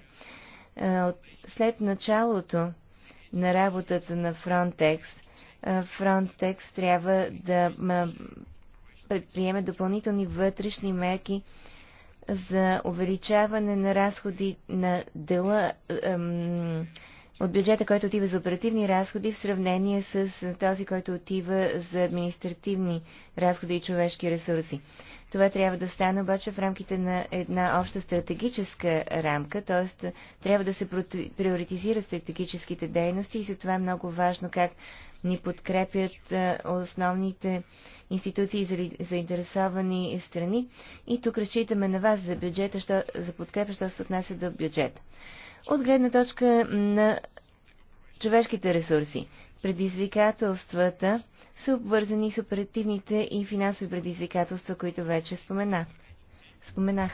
Е, след началото на работата на Frontex, е, Frontex трябва да предприеме допълнителни вътрешни мерки за увеличаване на разходи на дела, от бюджета, който отива за оперативни разходи в сравнение с този, който отива за административни разходи и човешки ресурси. Това трябва да стане обаче в рамките на една обща стратегическа рамка, т.е. трябва да се приоритизират стратегическите дейности и за това е много важно как ни подкрепят основните институции за заинтересовани страни. И тук разчитаме на вас за бюджета, що, за подкрепа, що се отнася до бюджета от гледна точка на човешките ресурси. Предизвикателствата са обвързани с оперативните и финансови предизвикателства, които вече споменах. споменах.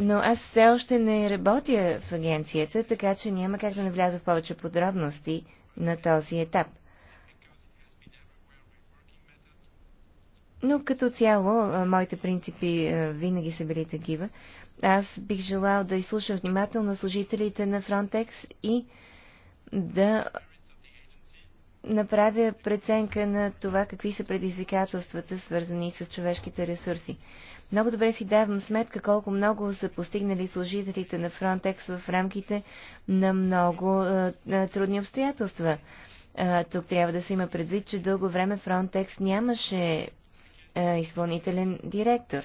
Но аз все още не работя в агенцията, така че няма как да навляза в повече подробности на този етап. Но като цяло, моите принципи винаги са били такива, аз бих желал да изслушам внимателно служителите на Фронтекс и да направя преценка на това какви са предизвикателствата, свързани с човешките ресурси. Много добре си давам сметка колко много са постигнали служителите на Frontex в рамките на много е, е, трудни обстоятелства. Е, тук трябва да се има предвид, че дълго време Frontex нямаше е, изпълнителен директор.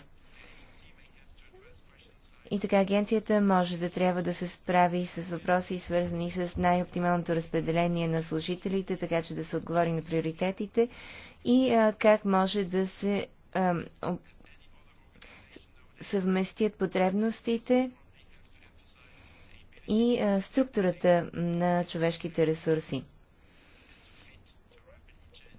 И така агенцията може да трябва да се справи с въпроси, свързани с най-оптималното разпределение на служителите, така че да се отговори на приоритетите и а, как може да се а, съвместят потребностите и а, структурата на човешките ресурси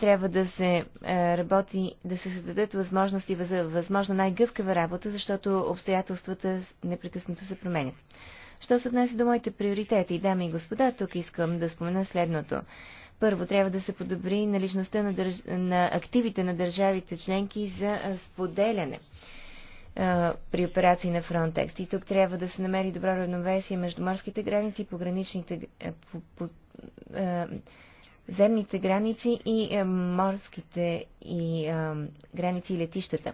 трябва да се е, работи, да се създадат възможности за възможно най-гъвкава работа, защото обстоятелствата непрекъснато се променят. Що се отнася до моите приоритети, дами и господа, тук искам да спомена следното. Първо, трябва да се подобри наличността на, държ... на активите на държавите членки за е, споделяне а, е, при операции на Frontex. И тук трябва да се намери добро равновесие между морските граници и пограничните, а, по, по, а, земните граници и е, морските и е, граници и летищата.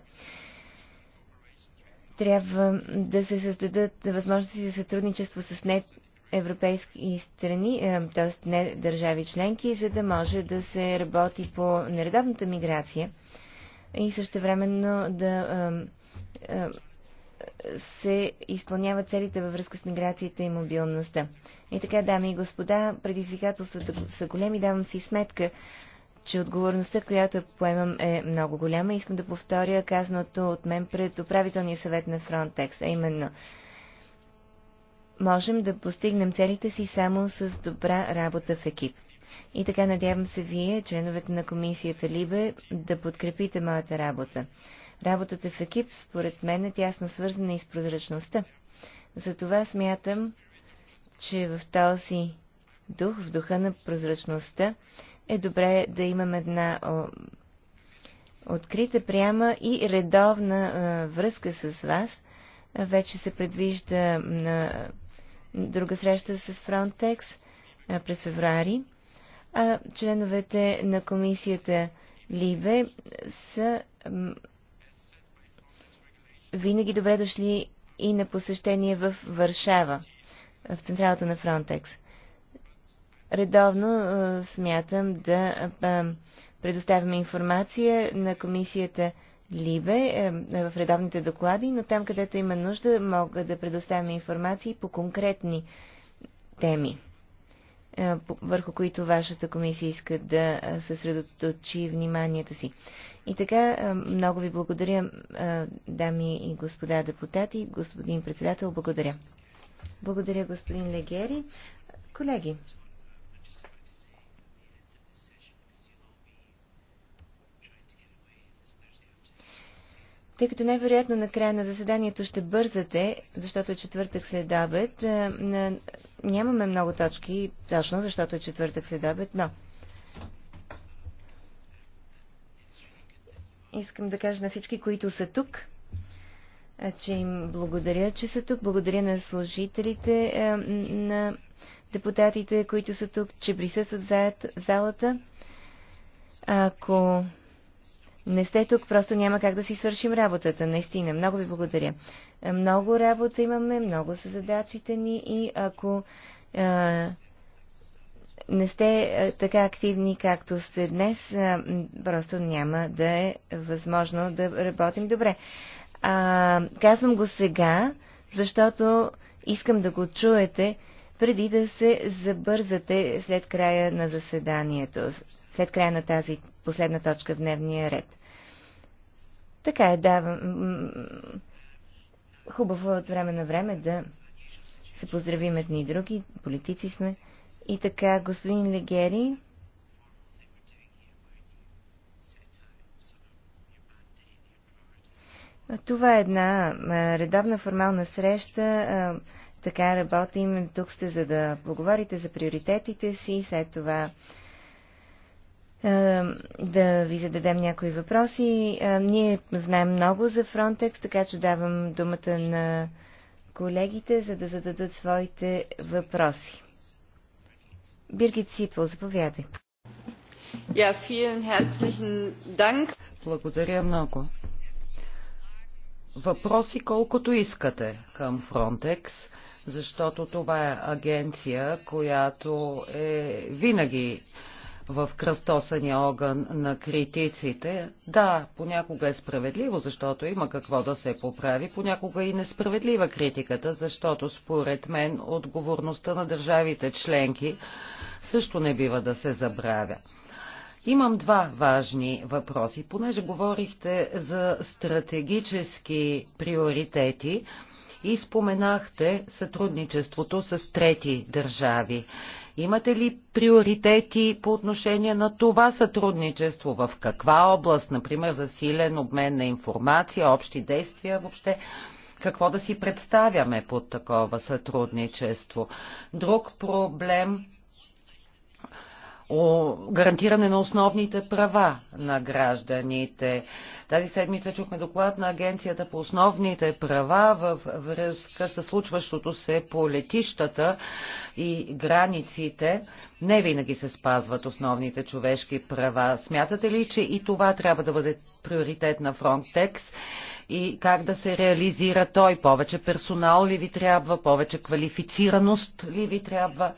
Трябва да се създадат възможности за сътрудничество с не европейски страни, е, т.е. не държави членки, за да може да се работи по нередовната миграция и също времено да е, е се изпълняват целите във връзка с миграцията и мобилността. И така, дами и господа, предизвикателствата са големи, давам си сметка, че отговорността, която поемам е много голяма. Искам да повторя казаното от мен пред управителния съвет на Frontex, а именно можем да постигнем целите си само с добра работа в екип. И така надявам се вие, членовете на комисията Либе, да подкрепите моята работа. Работата в екип, според мен, е тясно свързана и с прозрачността. Затова смятам, че в този дух, в духа на прозрачността, е добре да имаме една о, открита, пряма и редовна о, връзка с вас. вече се предвижда на друга среща с Frontex о, през феврари. А членовете на комисията Либе са винаги добре дошли и на посещение в Варшава, в централата на Фронтекс. Редовно смятам да предоставяме информация на комисията Либе в редовните доклади, но там, където има нужда, мога да предоставяме информации по конкретни теми, върху които вашата комисия иска да съсредоточи вниманието си. И така, много ви благодаря, дами и господа депутати, господин председател, благодаря. Благодаря, господин Легери. Колеги, Тъй като най-вероятно на края на заседанието ще бързате, защото е четвъртък след обед, нямаме много точки, точно защото е четвъртък след обед, но Искам да кажа на всички, които са тук, е, че им благодаря, че са тук. Благодаря на служителите, е, на депутатите, които са тук, че присъстват в залата. Ако не сте тук, просто няма как да си свършим работата. Наистина, много ви благодаря. Е, много работа имаме, много са задачите ни и ако не сте е, така активни, както сте днес, е, просто няма да е възможно да работим добре. А, казвам го сега, защото искам да го чуете преди да се забързате след края на заседанието, след края на тази последна точка в дневния ред. Така е, давам. Хубаво е от време на време да се поздравим едни и други, политици сме. И така, господин Легери, Това е една редовна формална среща. Така работим. Тук сте, за да поговорите за приоритетите си. След това да ви зададем някои въпроси. Ние знаем много за Frontex, така че давам думата на колегите, за да зададат своите въпроси. Биргит Сипъл, заповядай. Yeah, Благодаря много. Въпроси колкото искате към Фронтекс защото това е агенция, която е винаги в кръстосания огън на критиците. Да, понякога е справедливо, защото има какво да се поправи, понякога и несправедлива критиката, защото според мен отговорността на държавите членки също не бива да се забравя. Имам два важни въпроси. Понеже говорихте за стратегически приоритети и споменахте сътрудничеството с трети държави. Имате ли приоритети по отношение на това сътрудничество? В каква област, например, засилен обмен на информация, общи действия въобще? Какво да си представяме под такова сътрудничество? Друг проблем гарантиране на основните права на гражданите. Тази седмица чухме доклад на Агенцията по основните права във връзка с случващото се по летищата и границите. Не винаги се спазват основните човешки права. Смятате ли, че и това трябва да бъде приоритет на Фронтекс? И как да се реализира той? Повече персонал ли ви трябва? Повече квалифицираност ли ви трябва?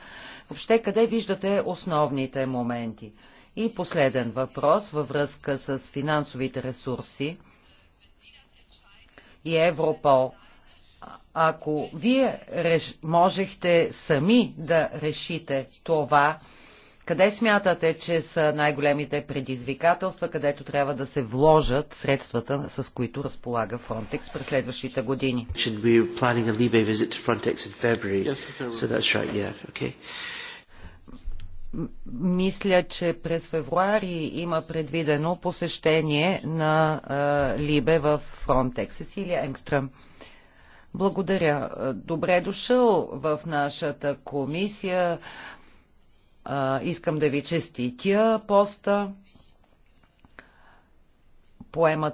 Въобще, къде виждате основните моменти? И последен въпрос във връзка с финансовите ресурси и Европол. Ако вие реш... можехте сами да решите това, къде смятате, че са най-големите предизвикателства, където трябва да се вложат средствата, с които разполага Frontex през следващите години? мисля, че през февруари има предвидено посещение на а, Либе в Фронтекс. Сесилия Енгстръм. Благодаря. Добре дошъл в нашата комисия. А, искам да ви честитя поста.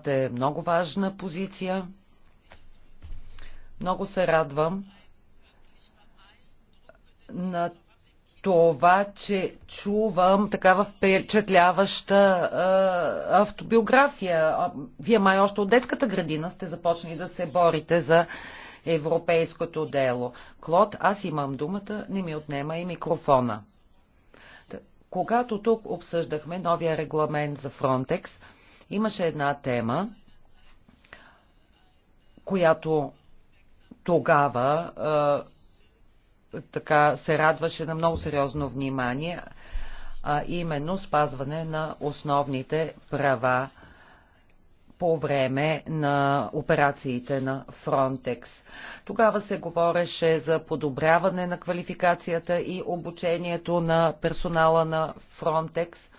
е много важна позиция. Много се радвам на това, че чувам такава впечатляваща а, автобиография. Вие май още от детската градина сте започнали да се борите за европейското дело. Клод, аз имам думата, не ми отнема и микрофона. Когато тук обсъждахме новия регламент за Фронтекс, имаше една тема, която тогава а, така се радваше на много сериозно внимание, а именно спазване на основните права по време на операциите на Фронтекс. Тогава се говореше за подобряване на квалификацията и обучението на персонала на Фронтекс,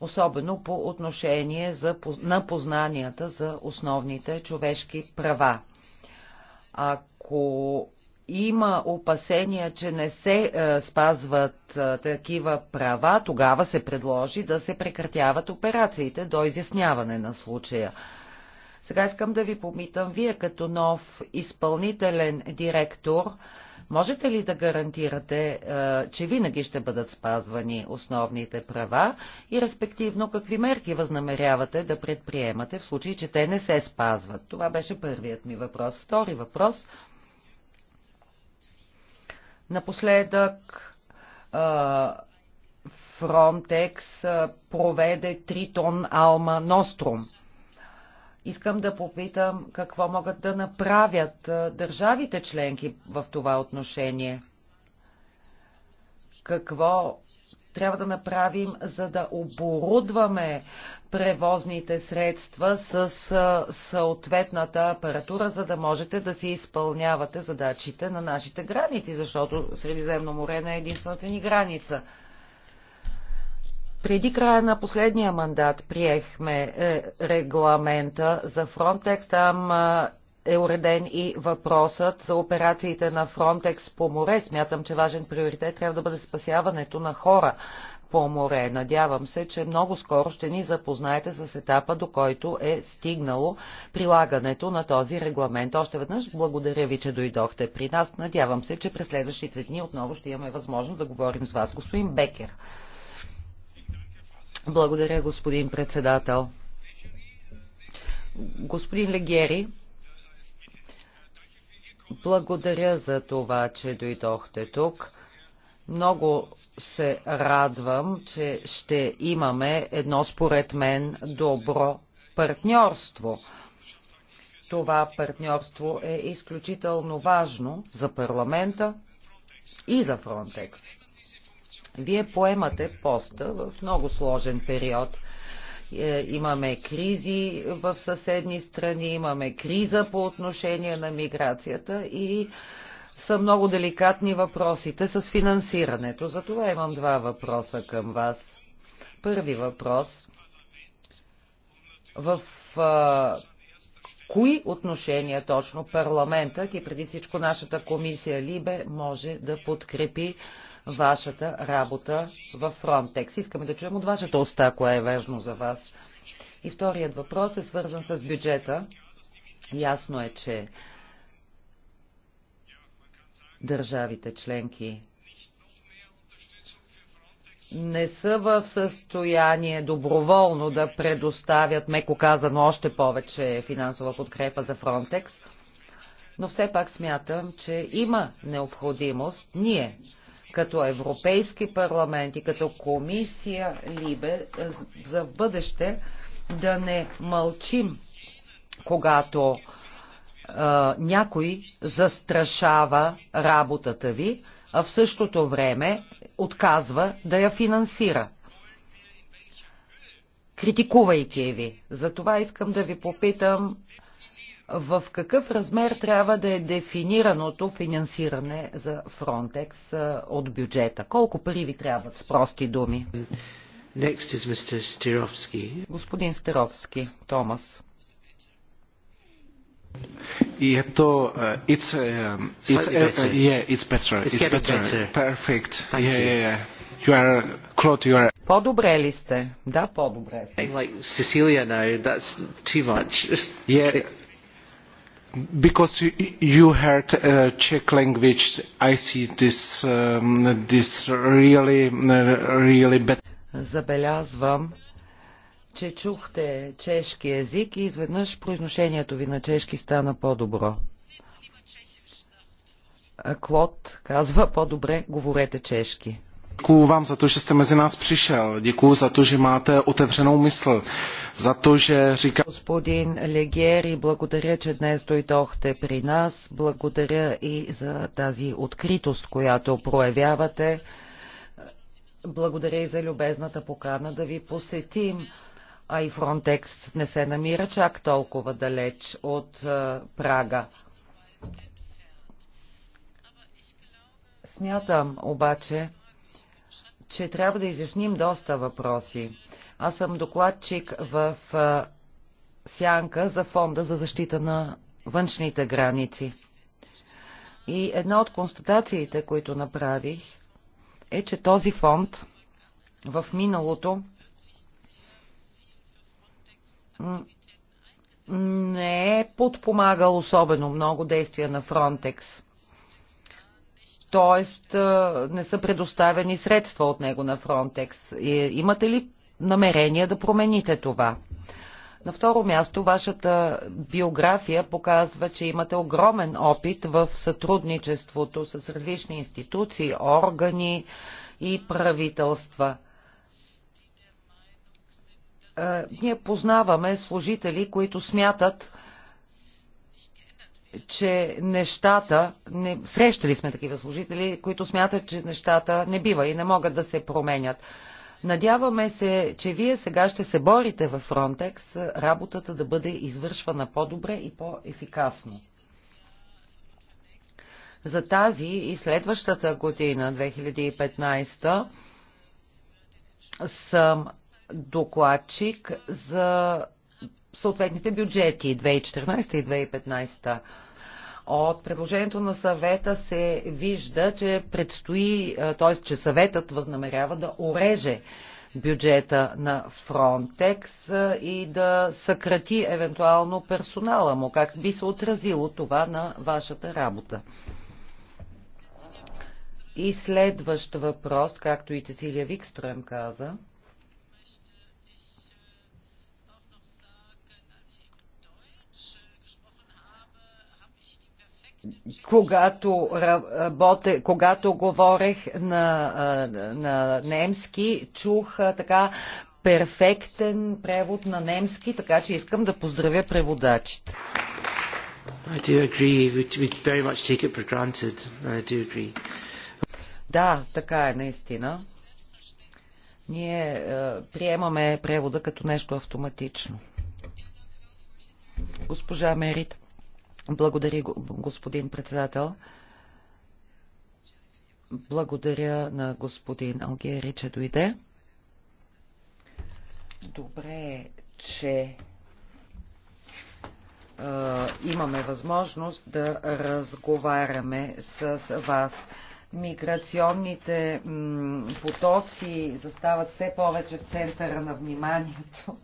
особено по отношение за, на познанията за основните човешки права. Ако има опасения, че не се е, спазват е, такива права, тогава се предложи да се прекратяват операциите до изясняване на случая. Сега искам да ви помитам, вие като нов изпълнителен директор, можете ли да гарантирате, е, че винаги ще бъдат спазвани основните права и респективно какви мерки възнамерявате да предприемате в случай, че те не се спазват? Това беше първият ми въпрос. Втори въпрос – Напоследък Фронтекс проведе Тритон Алма Ностром. Искам да попитам какво могат да направят държавите членки в това отношение. Какво трябва да направим, за да оборудваме превозните средства с съответната апаратура, за да можете да си изпълнявате задачите на нашите граници, защото Средиземно море не е единствената ни граница. Преди края на последния мандат приехме е, регламента за Frontex. Там е уреден и въпросът за операциите на Фронтекс по море. Смятам, че важен приоритет трябва да бъде спасяването на хора по море. Надявам се, че много скоро ще ни запознаете с етапа, до който е стигнало прилагането на този регламент. Още веднъж благодаря ви, че дойдохте при нас. Надявам се, че през следващите дни отново ще имаме възможност да говорим с вас, господин Бекер. Благодаря, господин председател. Господин Легери, благодаря за това, че дойдохте тук. Много се радвам, че ще имаме едно според мен добро партньорство. Това партньорство е изключително важно за парламента и за Фронтекс. Вие поемате поста в много сложен период – е, имаме кризи в съседни страни, имаме криза по отношение на миграцията и са много деликатни въпросите с финансирането. Затова имам два въпроса към вас. Първи въпрос. В а, кои отношения точно парламентът и преди всичко нашата комисия Либе може да подкрепи вашата работа в Фронтекс. Искаме да чуем от вашата уста, кое е важно за вас. И вторият въпрос е свързан с бюджета. Ясно е, че държавите членки не са в състояние доброволно да предоставят, меко казано, още повече финансова подкрепа за Фронтекс, но все пак смятам, че има необходимост ние като Европейски парламент и като комисия Либе е, за бъдеще да не мълчим, когато а, е, някой застрашава работата ви, а в същото време отказва да я финансира критикувайки ви. Затова искам да ви попитам в какъв размер трябва да е дефинираното финансиране за Фронтекс от бюджета? Колко пари ви трябват с прости думи? Next is Mr. Stirovsky. Господин Стировски, Томас. Je to, uh, it's, uh, it's, uh, yeah, it's better. It's, it's better. better. Perfect. Thank yeah, you. yeah, yeah. You are, Claude, you are... По-добре ли сте? Да, по-добре сте. Like Cecilia now, that's too much. Yeah because you heard uh, Czech language, I see this, um, this really, really bad. Забелязвам, че чухте чешки език и изведнъж произношението ви на чешки стана по-добро. Клод казва по-добре говорете чешки. Děkuji vám za to, že jste mezi nás přišel. Děkuji za to, že máte otevřenou mysl. За то, že říká... Господин Легери, благодаря, че днес дойдохте при нас. Благодаря и за тази откритост, която проявявате. Благодаря и за любезната покана да ви посетим. А и Фронтекс не се намира чак толкова далеч от Прага. Смятам обаче, че трябва да изясним доста въпроси. Аз съм докладчик в Сянка за Фонда за защита на външните граници. И една от констатациите, които направих, е, че този фонд в миналото не е подпомагал особено много действия на Фронтекс т.е. не са предоставени средства от него на Фронтекс. Имате ли намерение да промените това? На второ място, вашата биография показва, че имате огромен опит в сътрудничеството с различни институции, органи и правителства. Ние познаваме служители, които смятат, че нещата, не, срещали сме такива служители, които смятат, че нещата не бива и не могат да се променят. Надяваме се, че вие сега ще се борите във Фронтекс работата да бъде извършвана по-добре и по-ефикасно. За тази и следващата година, 2015, съм докладчик за съответните бюджети 2014 и 2015. От предложението на съвета се вижда, че предстои, т.е. че съветът възнамерява да ореже бюджета на Фронтекс и да съкрати евентуално персонала му. Как би се отразило това на вашата работа? И следващ въпрос, както и Цецилия Викстроем каза. когато, работе, когато говорех на, на немски, чух така перфектен превод на немски, така че искам да поздравя преводачите. I do agree. We, very much take it for granted. I do agree. Да, така е наистина. Ние е, приемаме превода като нещо автоматично. Госпожа Мерит. Благодаря, господин председател. Благодаря на господин Алгери, че дойде. Добре е, че имаме възможност да разговаряме с вас. Миграционните потоци застават все повече в центъра на вниманието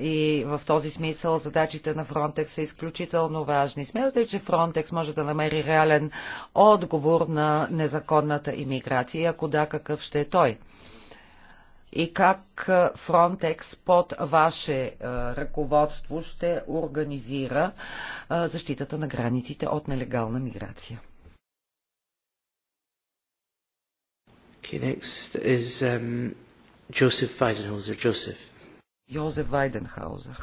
и в този смисъл задачите на Фронтекс са изключително важни. Смятате ли, че Фронтекс може да намери реален отговор на незаконната иммиграция? Ако да, какъв ще е той? И как Фронтекс под ваше ръководство ще организира защитата на границите от нелегална миграция? Okay, next is um, Joseph Joseph. Йозеф Вайденхаузер.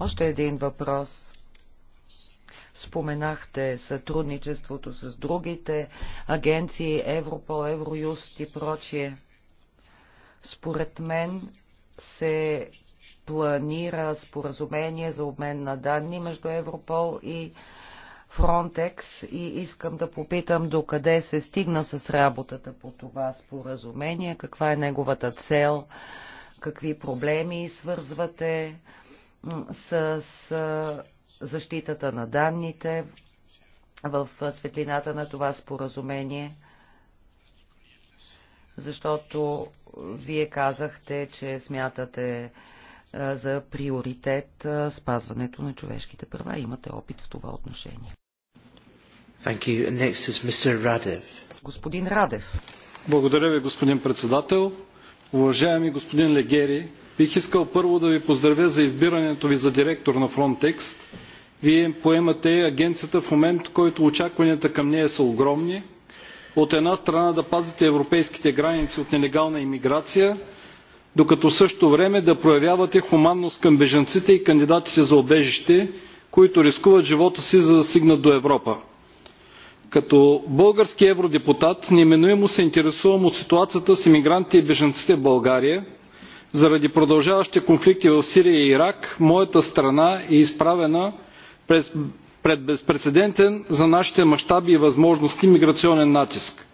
Още един въпрос. Споменахте сътрудничеството с другите агенции, Европол, Евроюст и прочие. Според мен се планира споразумение за обмен на данни между Европол и Фронтекс и искам да попитам докъде се стигна с работата по това споразумение, каква е неговата цел, какви проблеми свързвате с защитата на данните в светлината на това споразумение, защото вие казахте, че смятате за приоритет спазването на човешките права. Имате опит в това отношение. Господин Радев. Благодаря ви, господин председател. Уважаеми господин Легери, бих искал първо да ви поздравя за избирането ви за директор на Frontex. Вие поемате агенцията в момент, в който очакванията към нея са огромни. От една страна да пазите европейските граници от нелегална иммиграция, докато в същото време да проявявате хуманност към бежанците и кандидатите за обежище, които рискуват живота си за да стигнат до Европа. Като български евродепутат неминуемо се интересувам от ситуацията с имигрантите и бежанците в България. Заради продължаващите конфликти в Сирия и Ирак, моята страна е изправена пред безпрецедентен за нашите мащаби и възможности миграционен натиск.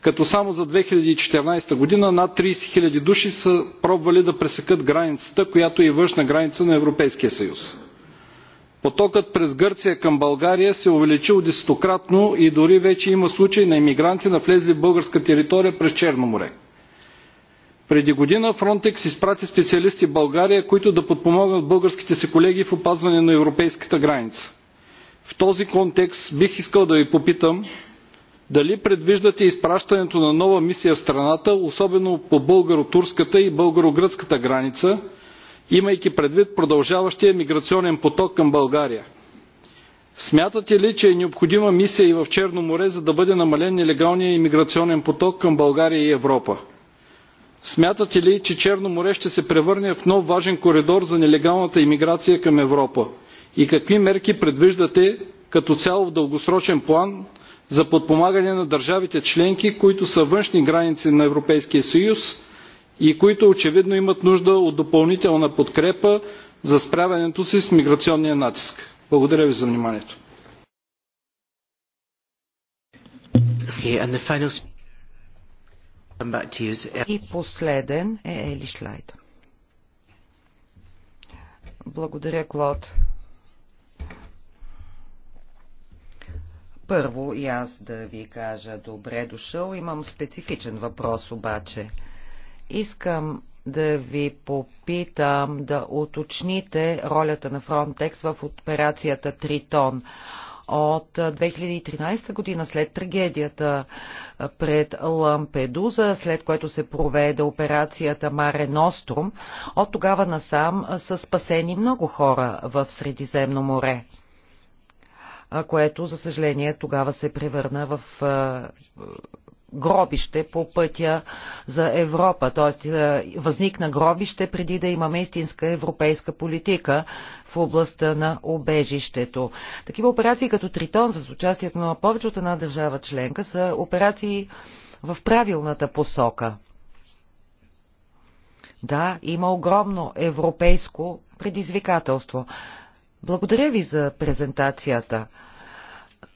Като само за 2014 година над 30 000 души са пробвали да пресекат границата, която е и външна граница на Европейския съюз. Потокът през Гърция към България се е увеличил десетократно и дори вече има случаи на имигранти, навлезли в българска територия през Черно море. Преди година Фронтекс изпрати специалисти в България, които да подпомогнат българските си колеги в опазване на европейската граница. В този контекст бих искал да ви попитам дали предвиждате изпращането на нова мисия в страната, особено по българо-турската и българо-гръцката граница, имайки предвид продължаващия миграционен поток към България? Смятате ли, че е необходима мисия и в Черно море, за да бъде намален нелегалния иммиграционен поток към България и Европа? Смятате ли, че Черно море ще се превърне в нов важен коридор за нелегалната иммиграция към Европа? И какви мерки предвиждате като цяло в дългосрочен план за подпомагане на държавите членки, които са външни граници на Европейския съюз, и които очевидно имат нужда от допълнителна подкрепа за справянето си с миграционния натиск. Благодаря ви за вниманието. И последен е Ели Шлайд. Благодаря, Клод. Първо и аз да ви кажа добре дошъл. Имам специфичен въпрос обаче. Искам да ви попитам да уточните ролята на Фронтекс в операцията Тритон от 2013 година след трагедията пред Лампедуза, след което се проведе операцията Маре Ностром. От тогава насам са спасени много хора в Средиземно море което, за съжаление, тогава се превърна в гробище по пътя за Европа. т.е. възникна гробище преди да имаме истинска европейска политика в областта на обежището. Такива операции като Тритон с участието на повече от една държава членка са операции в правилната посока. Да, има огромно европейско предизвикателство. Благодаря ви за презентацията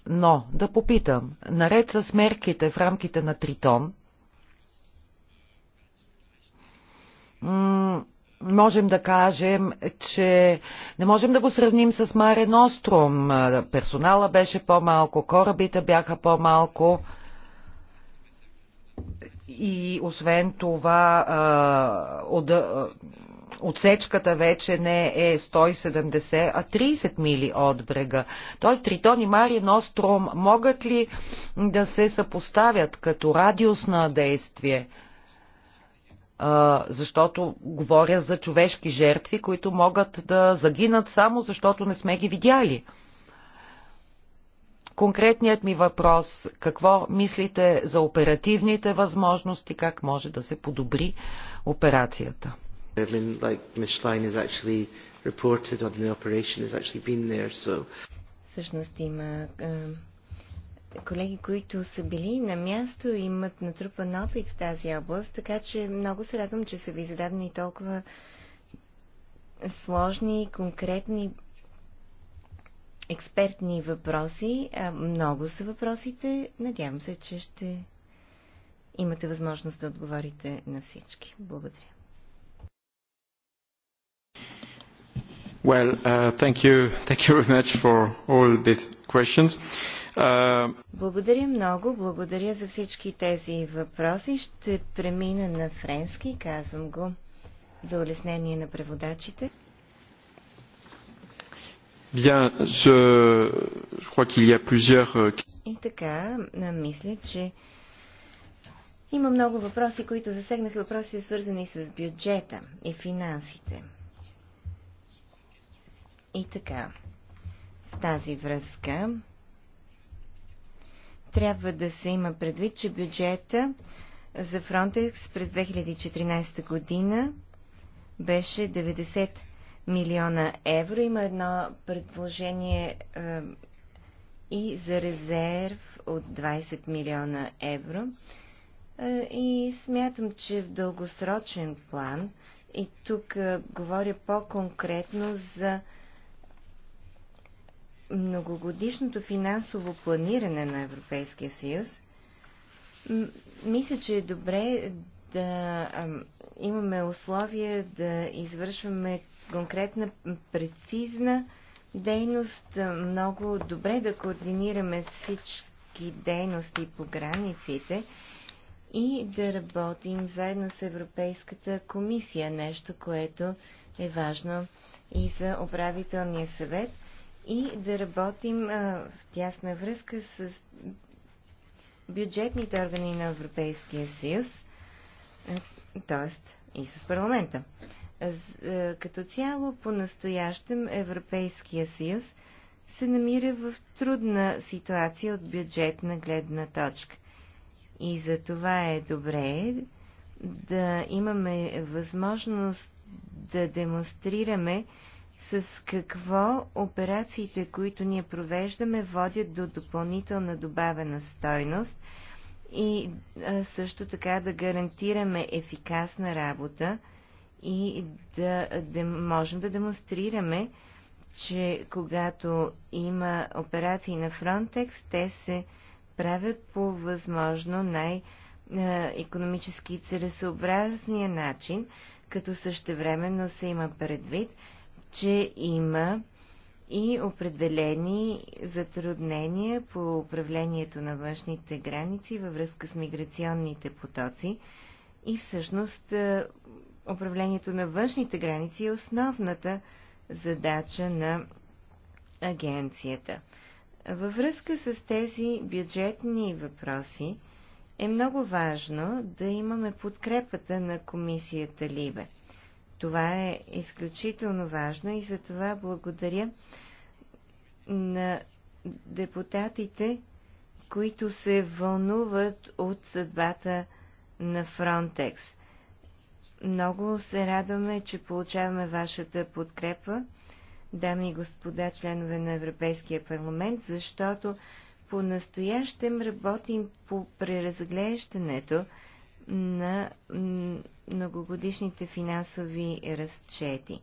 но да попитам, наред с мерките в рамките на Тритон, можем да кажем, че не можем да го сравним с Маре Ностром. Персонала беше по-малко, корабите бяха по-малко. И освен това, отсечката вече не е 170, а 30 мили от брега. Тоест Тритон и Мари Ностром могат ли да се съпоставят като радиус на действие? защото говоря за човешки жертви, които могат да загинат само защото не сме ги видяли. Конкретният ми въпрос – какво мислите за оперативните възможности, как може да се подобри операцията? I mean, like Ms. Schlein has actually reported on the operation, has actually been there, so... Всъщност има колеги, които са били на място и имат натрупан опит в тази област, така че много се радвам, че са ви зададени толкова сложни, конкретни експертни въпроси. Много са въпросите. Надявам се, че ще имате възможност да отговорите на всички. Благодаря. Well, uh, thank you, thank you very much for all these questions. Uh... Благодаря много, благодаря за всички тези въпроси. Ще премина на френски, казвам го за улеснение на преводачите. Bien, je, je crois qu'il y a plusieurs... Euh, и така, мисля, че има много въпроси, които засегнаха въпроси, свързани с бюджета и финансите. И така, в тази връзка трябва да се има предвид, че бюджета за Фронтекс през 2014 година беше 90 милиона евро. Има едно предложение е, и за резерв от 20 милиона евро. Е, и смятам, че в дългосрочен план, и тук е, говоря по-конкретно за многогодишното финансово планиране на Европейския съюз, мисля, че е добре да имаме условия да извършваме конкретна, прецизна дейност, много добре да координираме всички дейности по границите и да работим заедно с Европейската комисия, нещо, което е важно и за управителния съвет, и да работим а, в тясна връзка с бюджетните органи на Европейския съюз, т.е. и с парламента. Като цяло, по-настоящем Европейския съюз се намира в трудна ситуация от бюджетна гледна точка. И за това е добре да имаме възможност да демонстрираме с какво операциите, които ние провеждаме, водят до допълнителна добавена стойност и също така да гарантираме ефикасна работа и да, да можем да демонстрираме, че когато има операции на Frontex, те се правят по възможно най-економически целесообразния начин, като същевременно се има предвид, че има и определени затруднения по управлението на външните граници във връзка с миграционните потоци. И всъщност е, управлението на външните граници е основната задача на агенцията. Във връзка с тези бюджетни въпроси е много важно да имаме подкрепата на комисията Либе – това е изключително важно и за това благодаря на депутатите, които се вълнуват от съдбата на Фронтекс. Много се радваме, че получаваме вашата подкрепа, дами и господа, членове на Европейския парламент, защото по-настоящем работим по преразглеждането на многогодишните финансови разчети.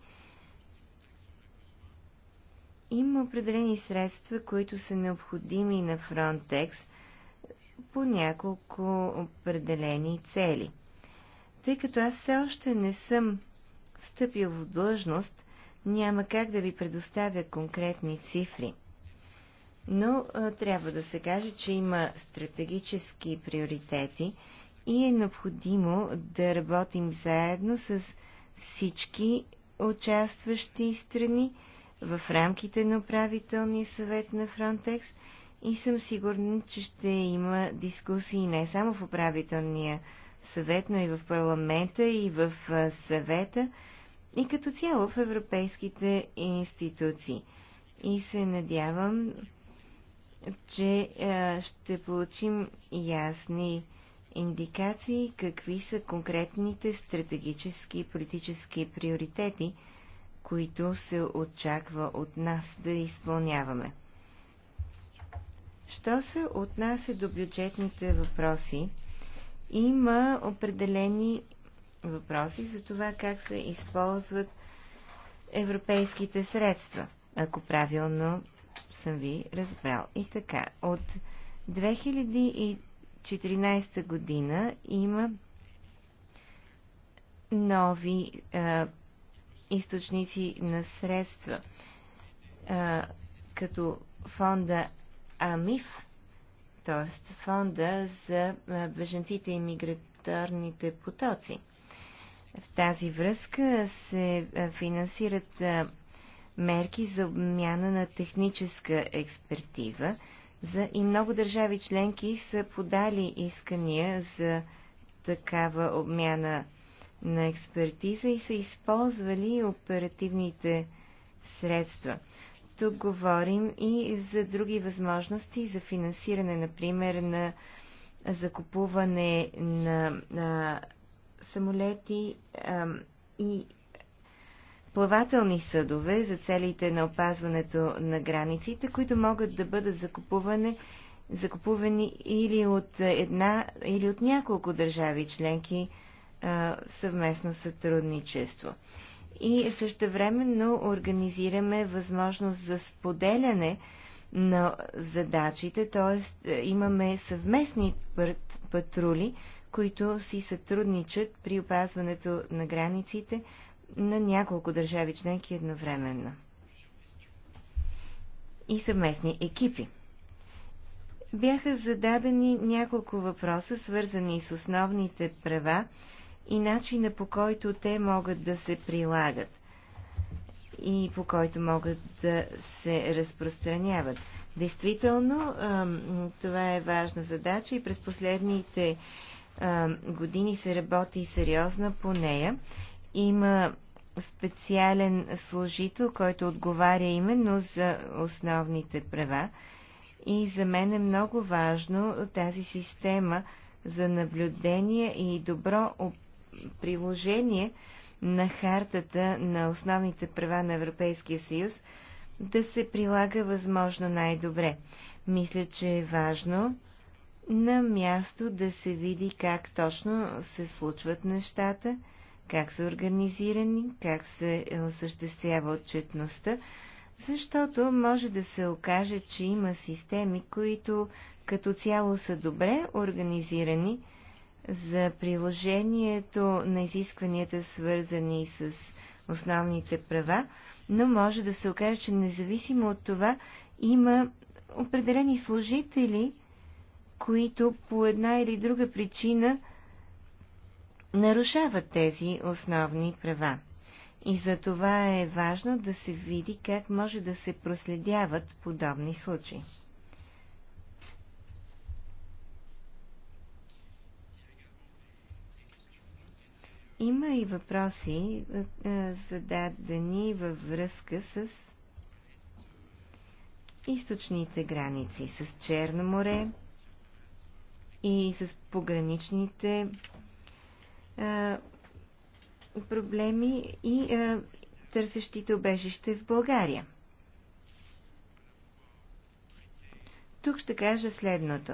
Има определени средства, които са необходими на Frontex по няколко определени цели. Тъй като аз все още не съм стъпил в длъжност, няма как да ви предоставя конкретни цифри. Но а, трябва да се каже, че има стратегически приоритети, и е необходимо да работим заедно с всички участващи страни в рамките на управителния съвет на Frontex и съм сигурна, че ще има дискусии не само в управителния съвет, но и в парламента и в съвета и като цяло в европейските институции. И се надявам, че ще получим ясни индикации какви са конкретните стратегически и политически приоритети, които се очаква от нас да изпълняваме. Що се отнася до бюджетните въпроси, има определени въпроси за това как се използват европейските средства, ако правилно съм ви разбрал. И така, от 2003 2014 година има нови а, източници на средства, а, като фонда АМИФ, т.е. фонда за беженците и миграторните потоци. В тази връзка се финансират мерки за обмяна на техническа експертива, за и много държави членки са подали искания за такава обмяна на експертиза и са използвали оперативните средства. Тук говорим и за други възможности за финансиране, например, на закупуване на, на самолети а, и плавателни съдове за целите на опазването на границите, които могат да бъдат закупуване, закупувани или от една или от няколко държави членки а, съвместно сътрудничество. И същевременно организираме възможност за споделяне на задачите, т.е. имаме съвместни патрули, които си сътрудничат при опазването на границите, на няколко държави членки едновременно. И съвместни екипи. Бяха зададени няколко въпроса, свързани с основните права и начина по който те могат да се прилагат и по който могат да се разпространяват. Действително, това е важна задача и през последните години се работи сериозно по нея има специален служител, който отговаря именно за основните права. И за мен е много важно тази система за наблюдение и добро приложение на хартата на основните права на Европейския съюз да се прилага възможно най-добре. Мисля, че е важно на място да се види как точно се случват нещата – как са организирани, как се осъществява отчетността, защото може да се окаже, че има системи, които като цяло са добре организирани за приложението на изискванията, свързани с основните права, но може да се окаже, че независимо от това има определени служители, които по една или друга причина – нарушават тези основни права. И за това е важно да се види как може да се проследяват подобни случаи. Има и въпроси е, е, зададени във връзка с източните граници, с Черно море и с пограничните проблеми и а, търсещите обежище в България. Тук ще кажа следното.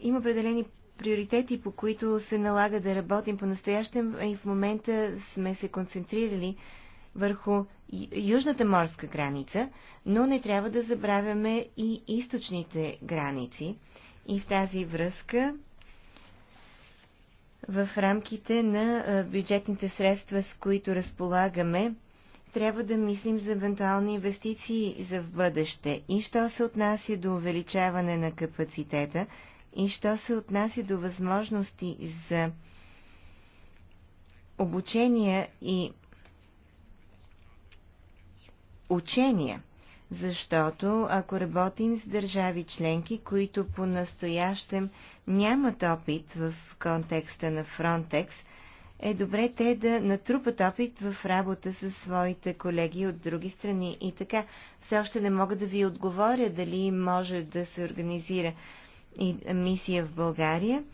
Има определени приоритети, по които се налага да работим по-настоящем и в момента сме се концентрирали върху южната морска граница, но не трябва да забравяме и източните граници и в тази връзка в рамките на бюджетните средства, с които разполагаме, трябва да мислим за евентуални инвестиции за в бъдеще. И що се отнася до увеличаване на капацитета, и що се отнася до възможности за обучение и учения – защото ако работим с държави членки, които по-настоящем нямат опит в контекста на Frontex, е добре те да натрупат опит в работа с своите колеги от други страни. И така, все още не мога да ви отговоря дали може да се организира и мисия в България,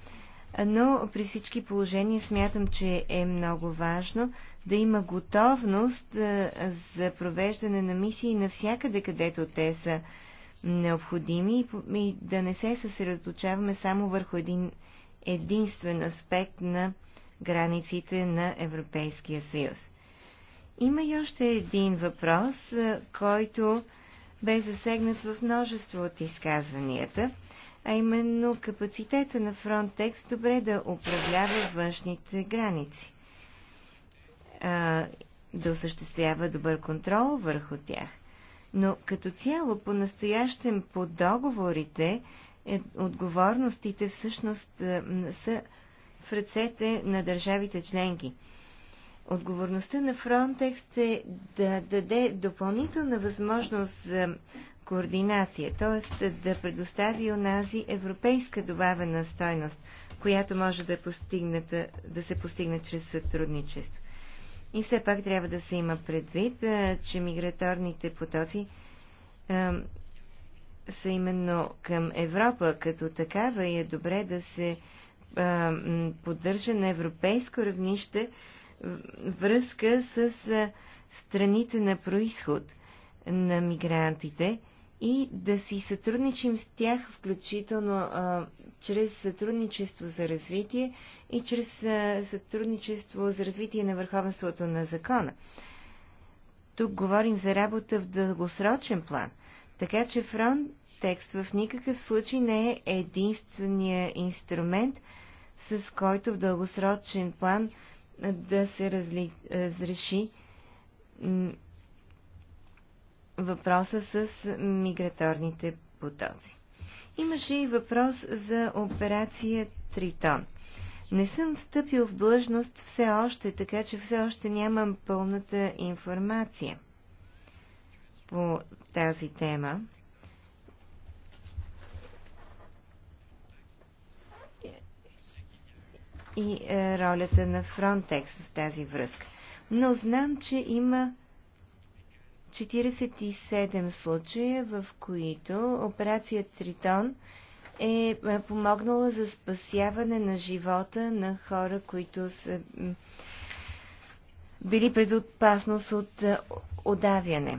но при всички положения смятам, че е много важно да има готовност за провеждане на мисии навсякъде, където те са необходими и да не се съсредоточаваме само върху един единствен аспект на границите на Европейския съюз. Има и още един въпрос, който бе засегнат в множество от изказванията – а именно капацитета на Frontex добре да управлява външните граници, а, да осъществява добър контрол върху тях. Но като цяло по-настоящем по договорите е, отговорностите всъщност е, са в ръцете на държавите членки. Отговорността на Frontex е да даде допълнителна възможност за координация, т.е. да предостави онази европейска добавена стойност, която може да, е да се постигне чрез сътрудничество. И все пак трябва да се има предвид, че миграторните потоци са именно към Европа като такава и е добре да се поддържа на европейско равнище връзка с страните на происход на мигрантите и да си сътрудничим с тях, включително а, чрез сътрудничество за развитие и чрез а, сътрудничество за развитие на върховенството на закона. Тук говорим за работа в дългосрочен план, така че Фронтекст в никакъв случай не е единствения инструмент, с който в дългосрочен план да се разли... разреши въпроса с миграторните потоци. Имаше и въпрос за операция Тритон. Не съм встъпил в длъжност все още, така че все още нямам пълната информация по тази тема. и е, ролята на Фронтекс в тази връзка. Но знам, че има 47 случая, в които операция Тритон е, е помогнала за спасяване на живота на хора, които са били пред опасност от е, удавяне.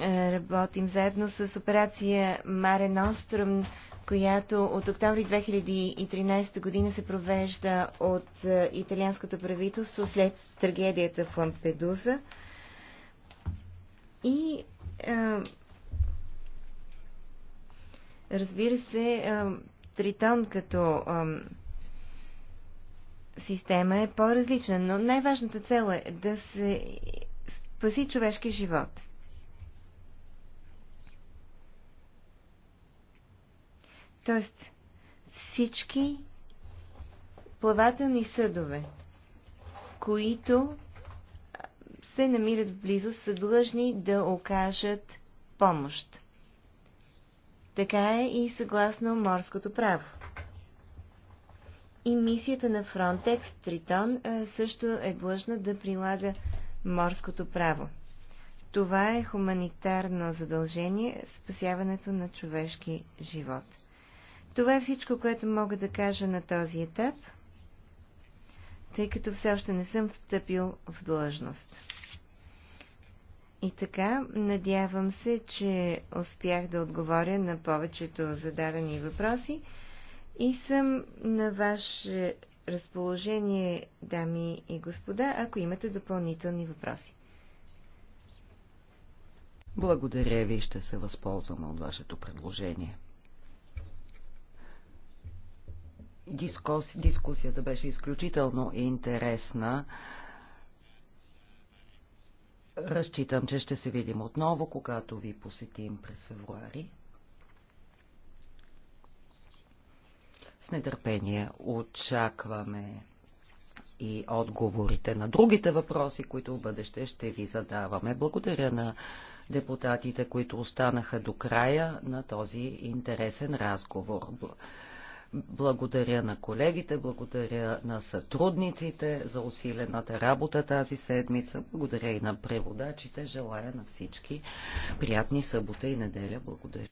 Е, работим заедно с операция Маре Ностром, която от октомври 2013 година се провежда от италианското правителство след трагедията в Лампедуза. И а, разбира се, а, Тритон като а, система е по-различна, но най-важната цел е да се спаси човешки живот. Тоест, всички плавателни съдове, които се намират в близост, са длъжни да окажат помощ. Така е и съгласно морското право. И мисията на Frontex Тритон също е длъжна да прилага морското право. Това е хуманитарно задължение спасяването на човешки живот. Това е всичко, което мога да кажа на този етап, тъй като все още не съм встъпил в длъжност. И така, надявам се, че успях да отговоря на повечето зададени въпроси и съм на ваше разположение, дами и господа, ако имате допълнителни въпроси. Благодаря ви, ще се възползвам от вашето предложение. Дискус, дискусията беше изключително интересна. Разчитам, че ще се видим отново, когато ви посетим през февруари. С нетърпение очакваме и отговорите на другите въпроси, които в бъдеще ще ви задаваме. Благодаря на депутатите, които останаха до края на този интересен разговор. Благодаря на колегите, благодаря на сътрудниците за усилената работа тази седмица. Благодаря и на преводачите. Желая на всички приятни събота и неделя. Благодаря.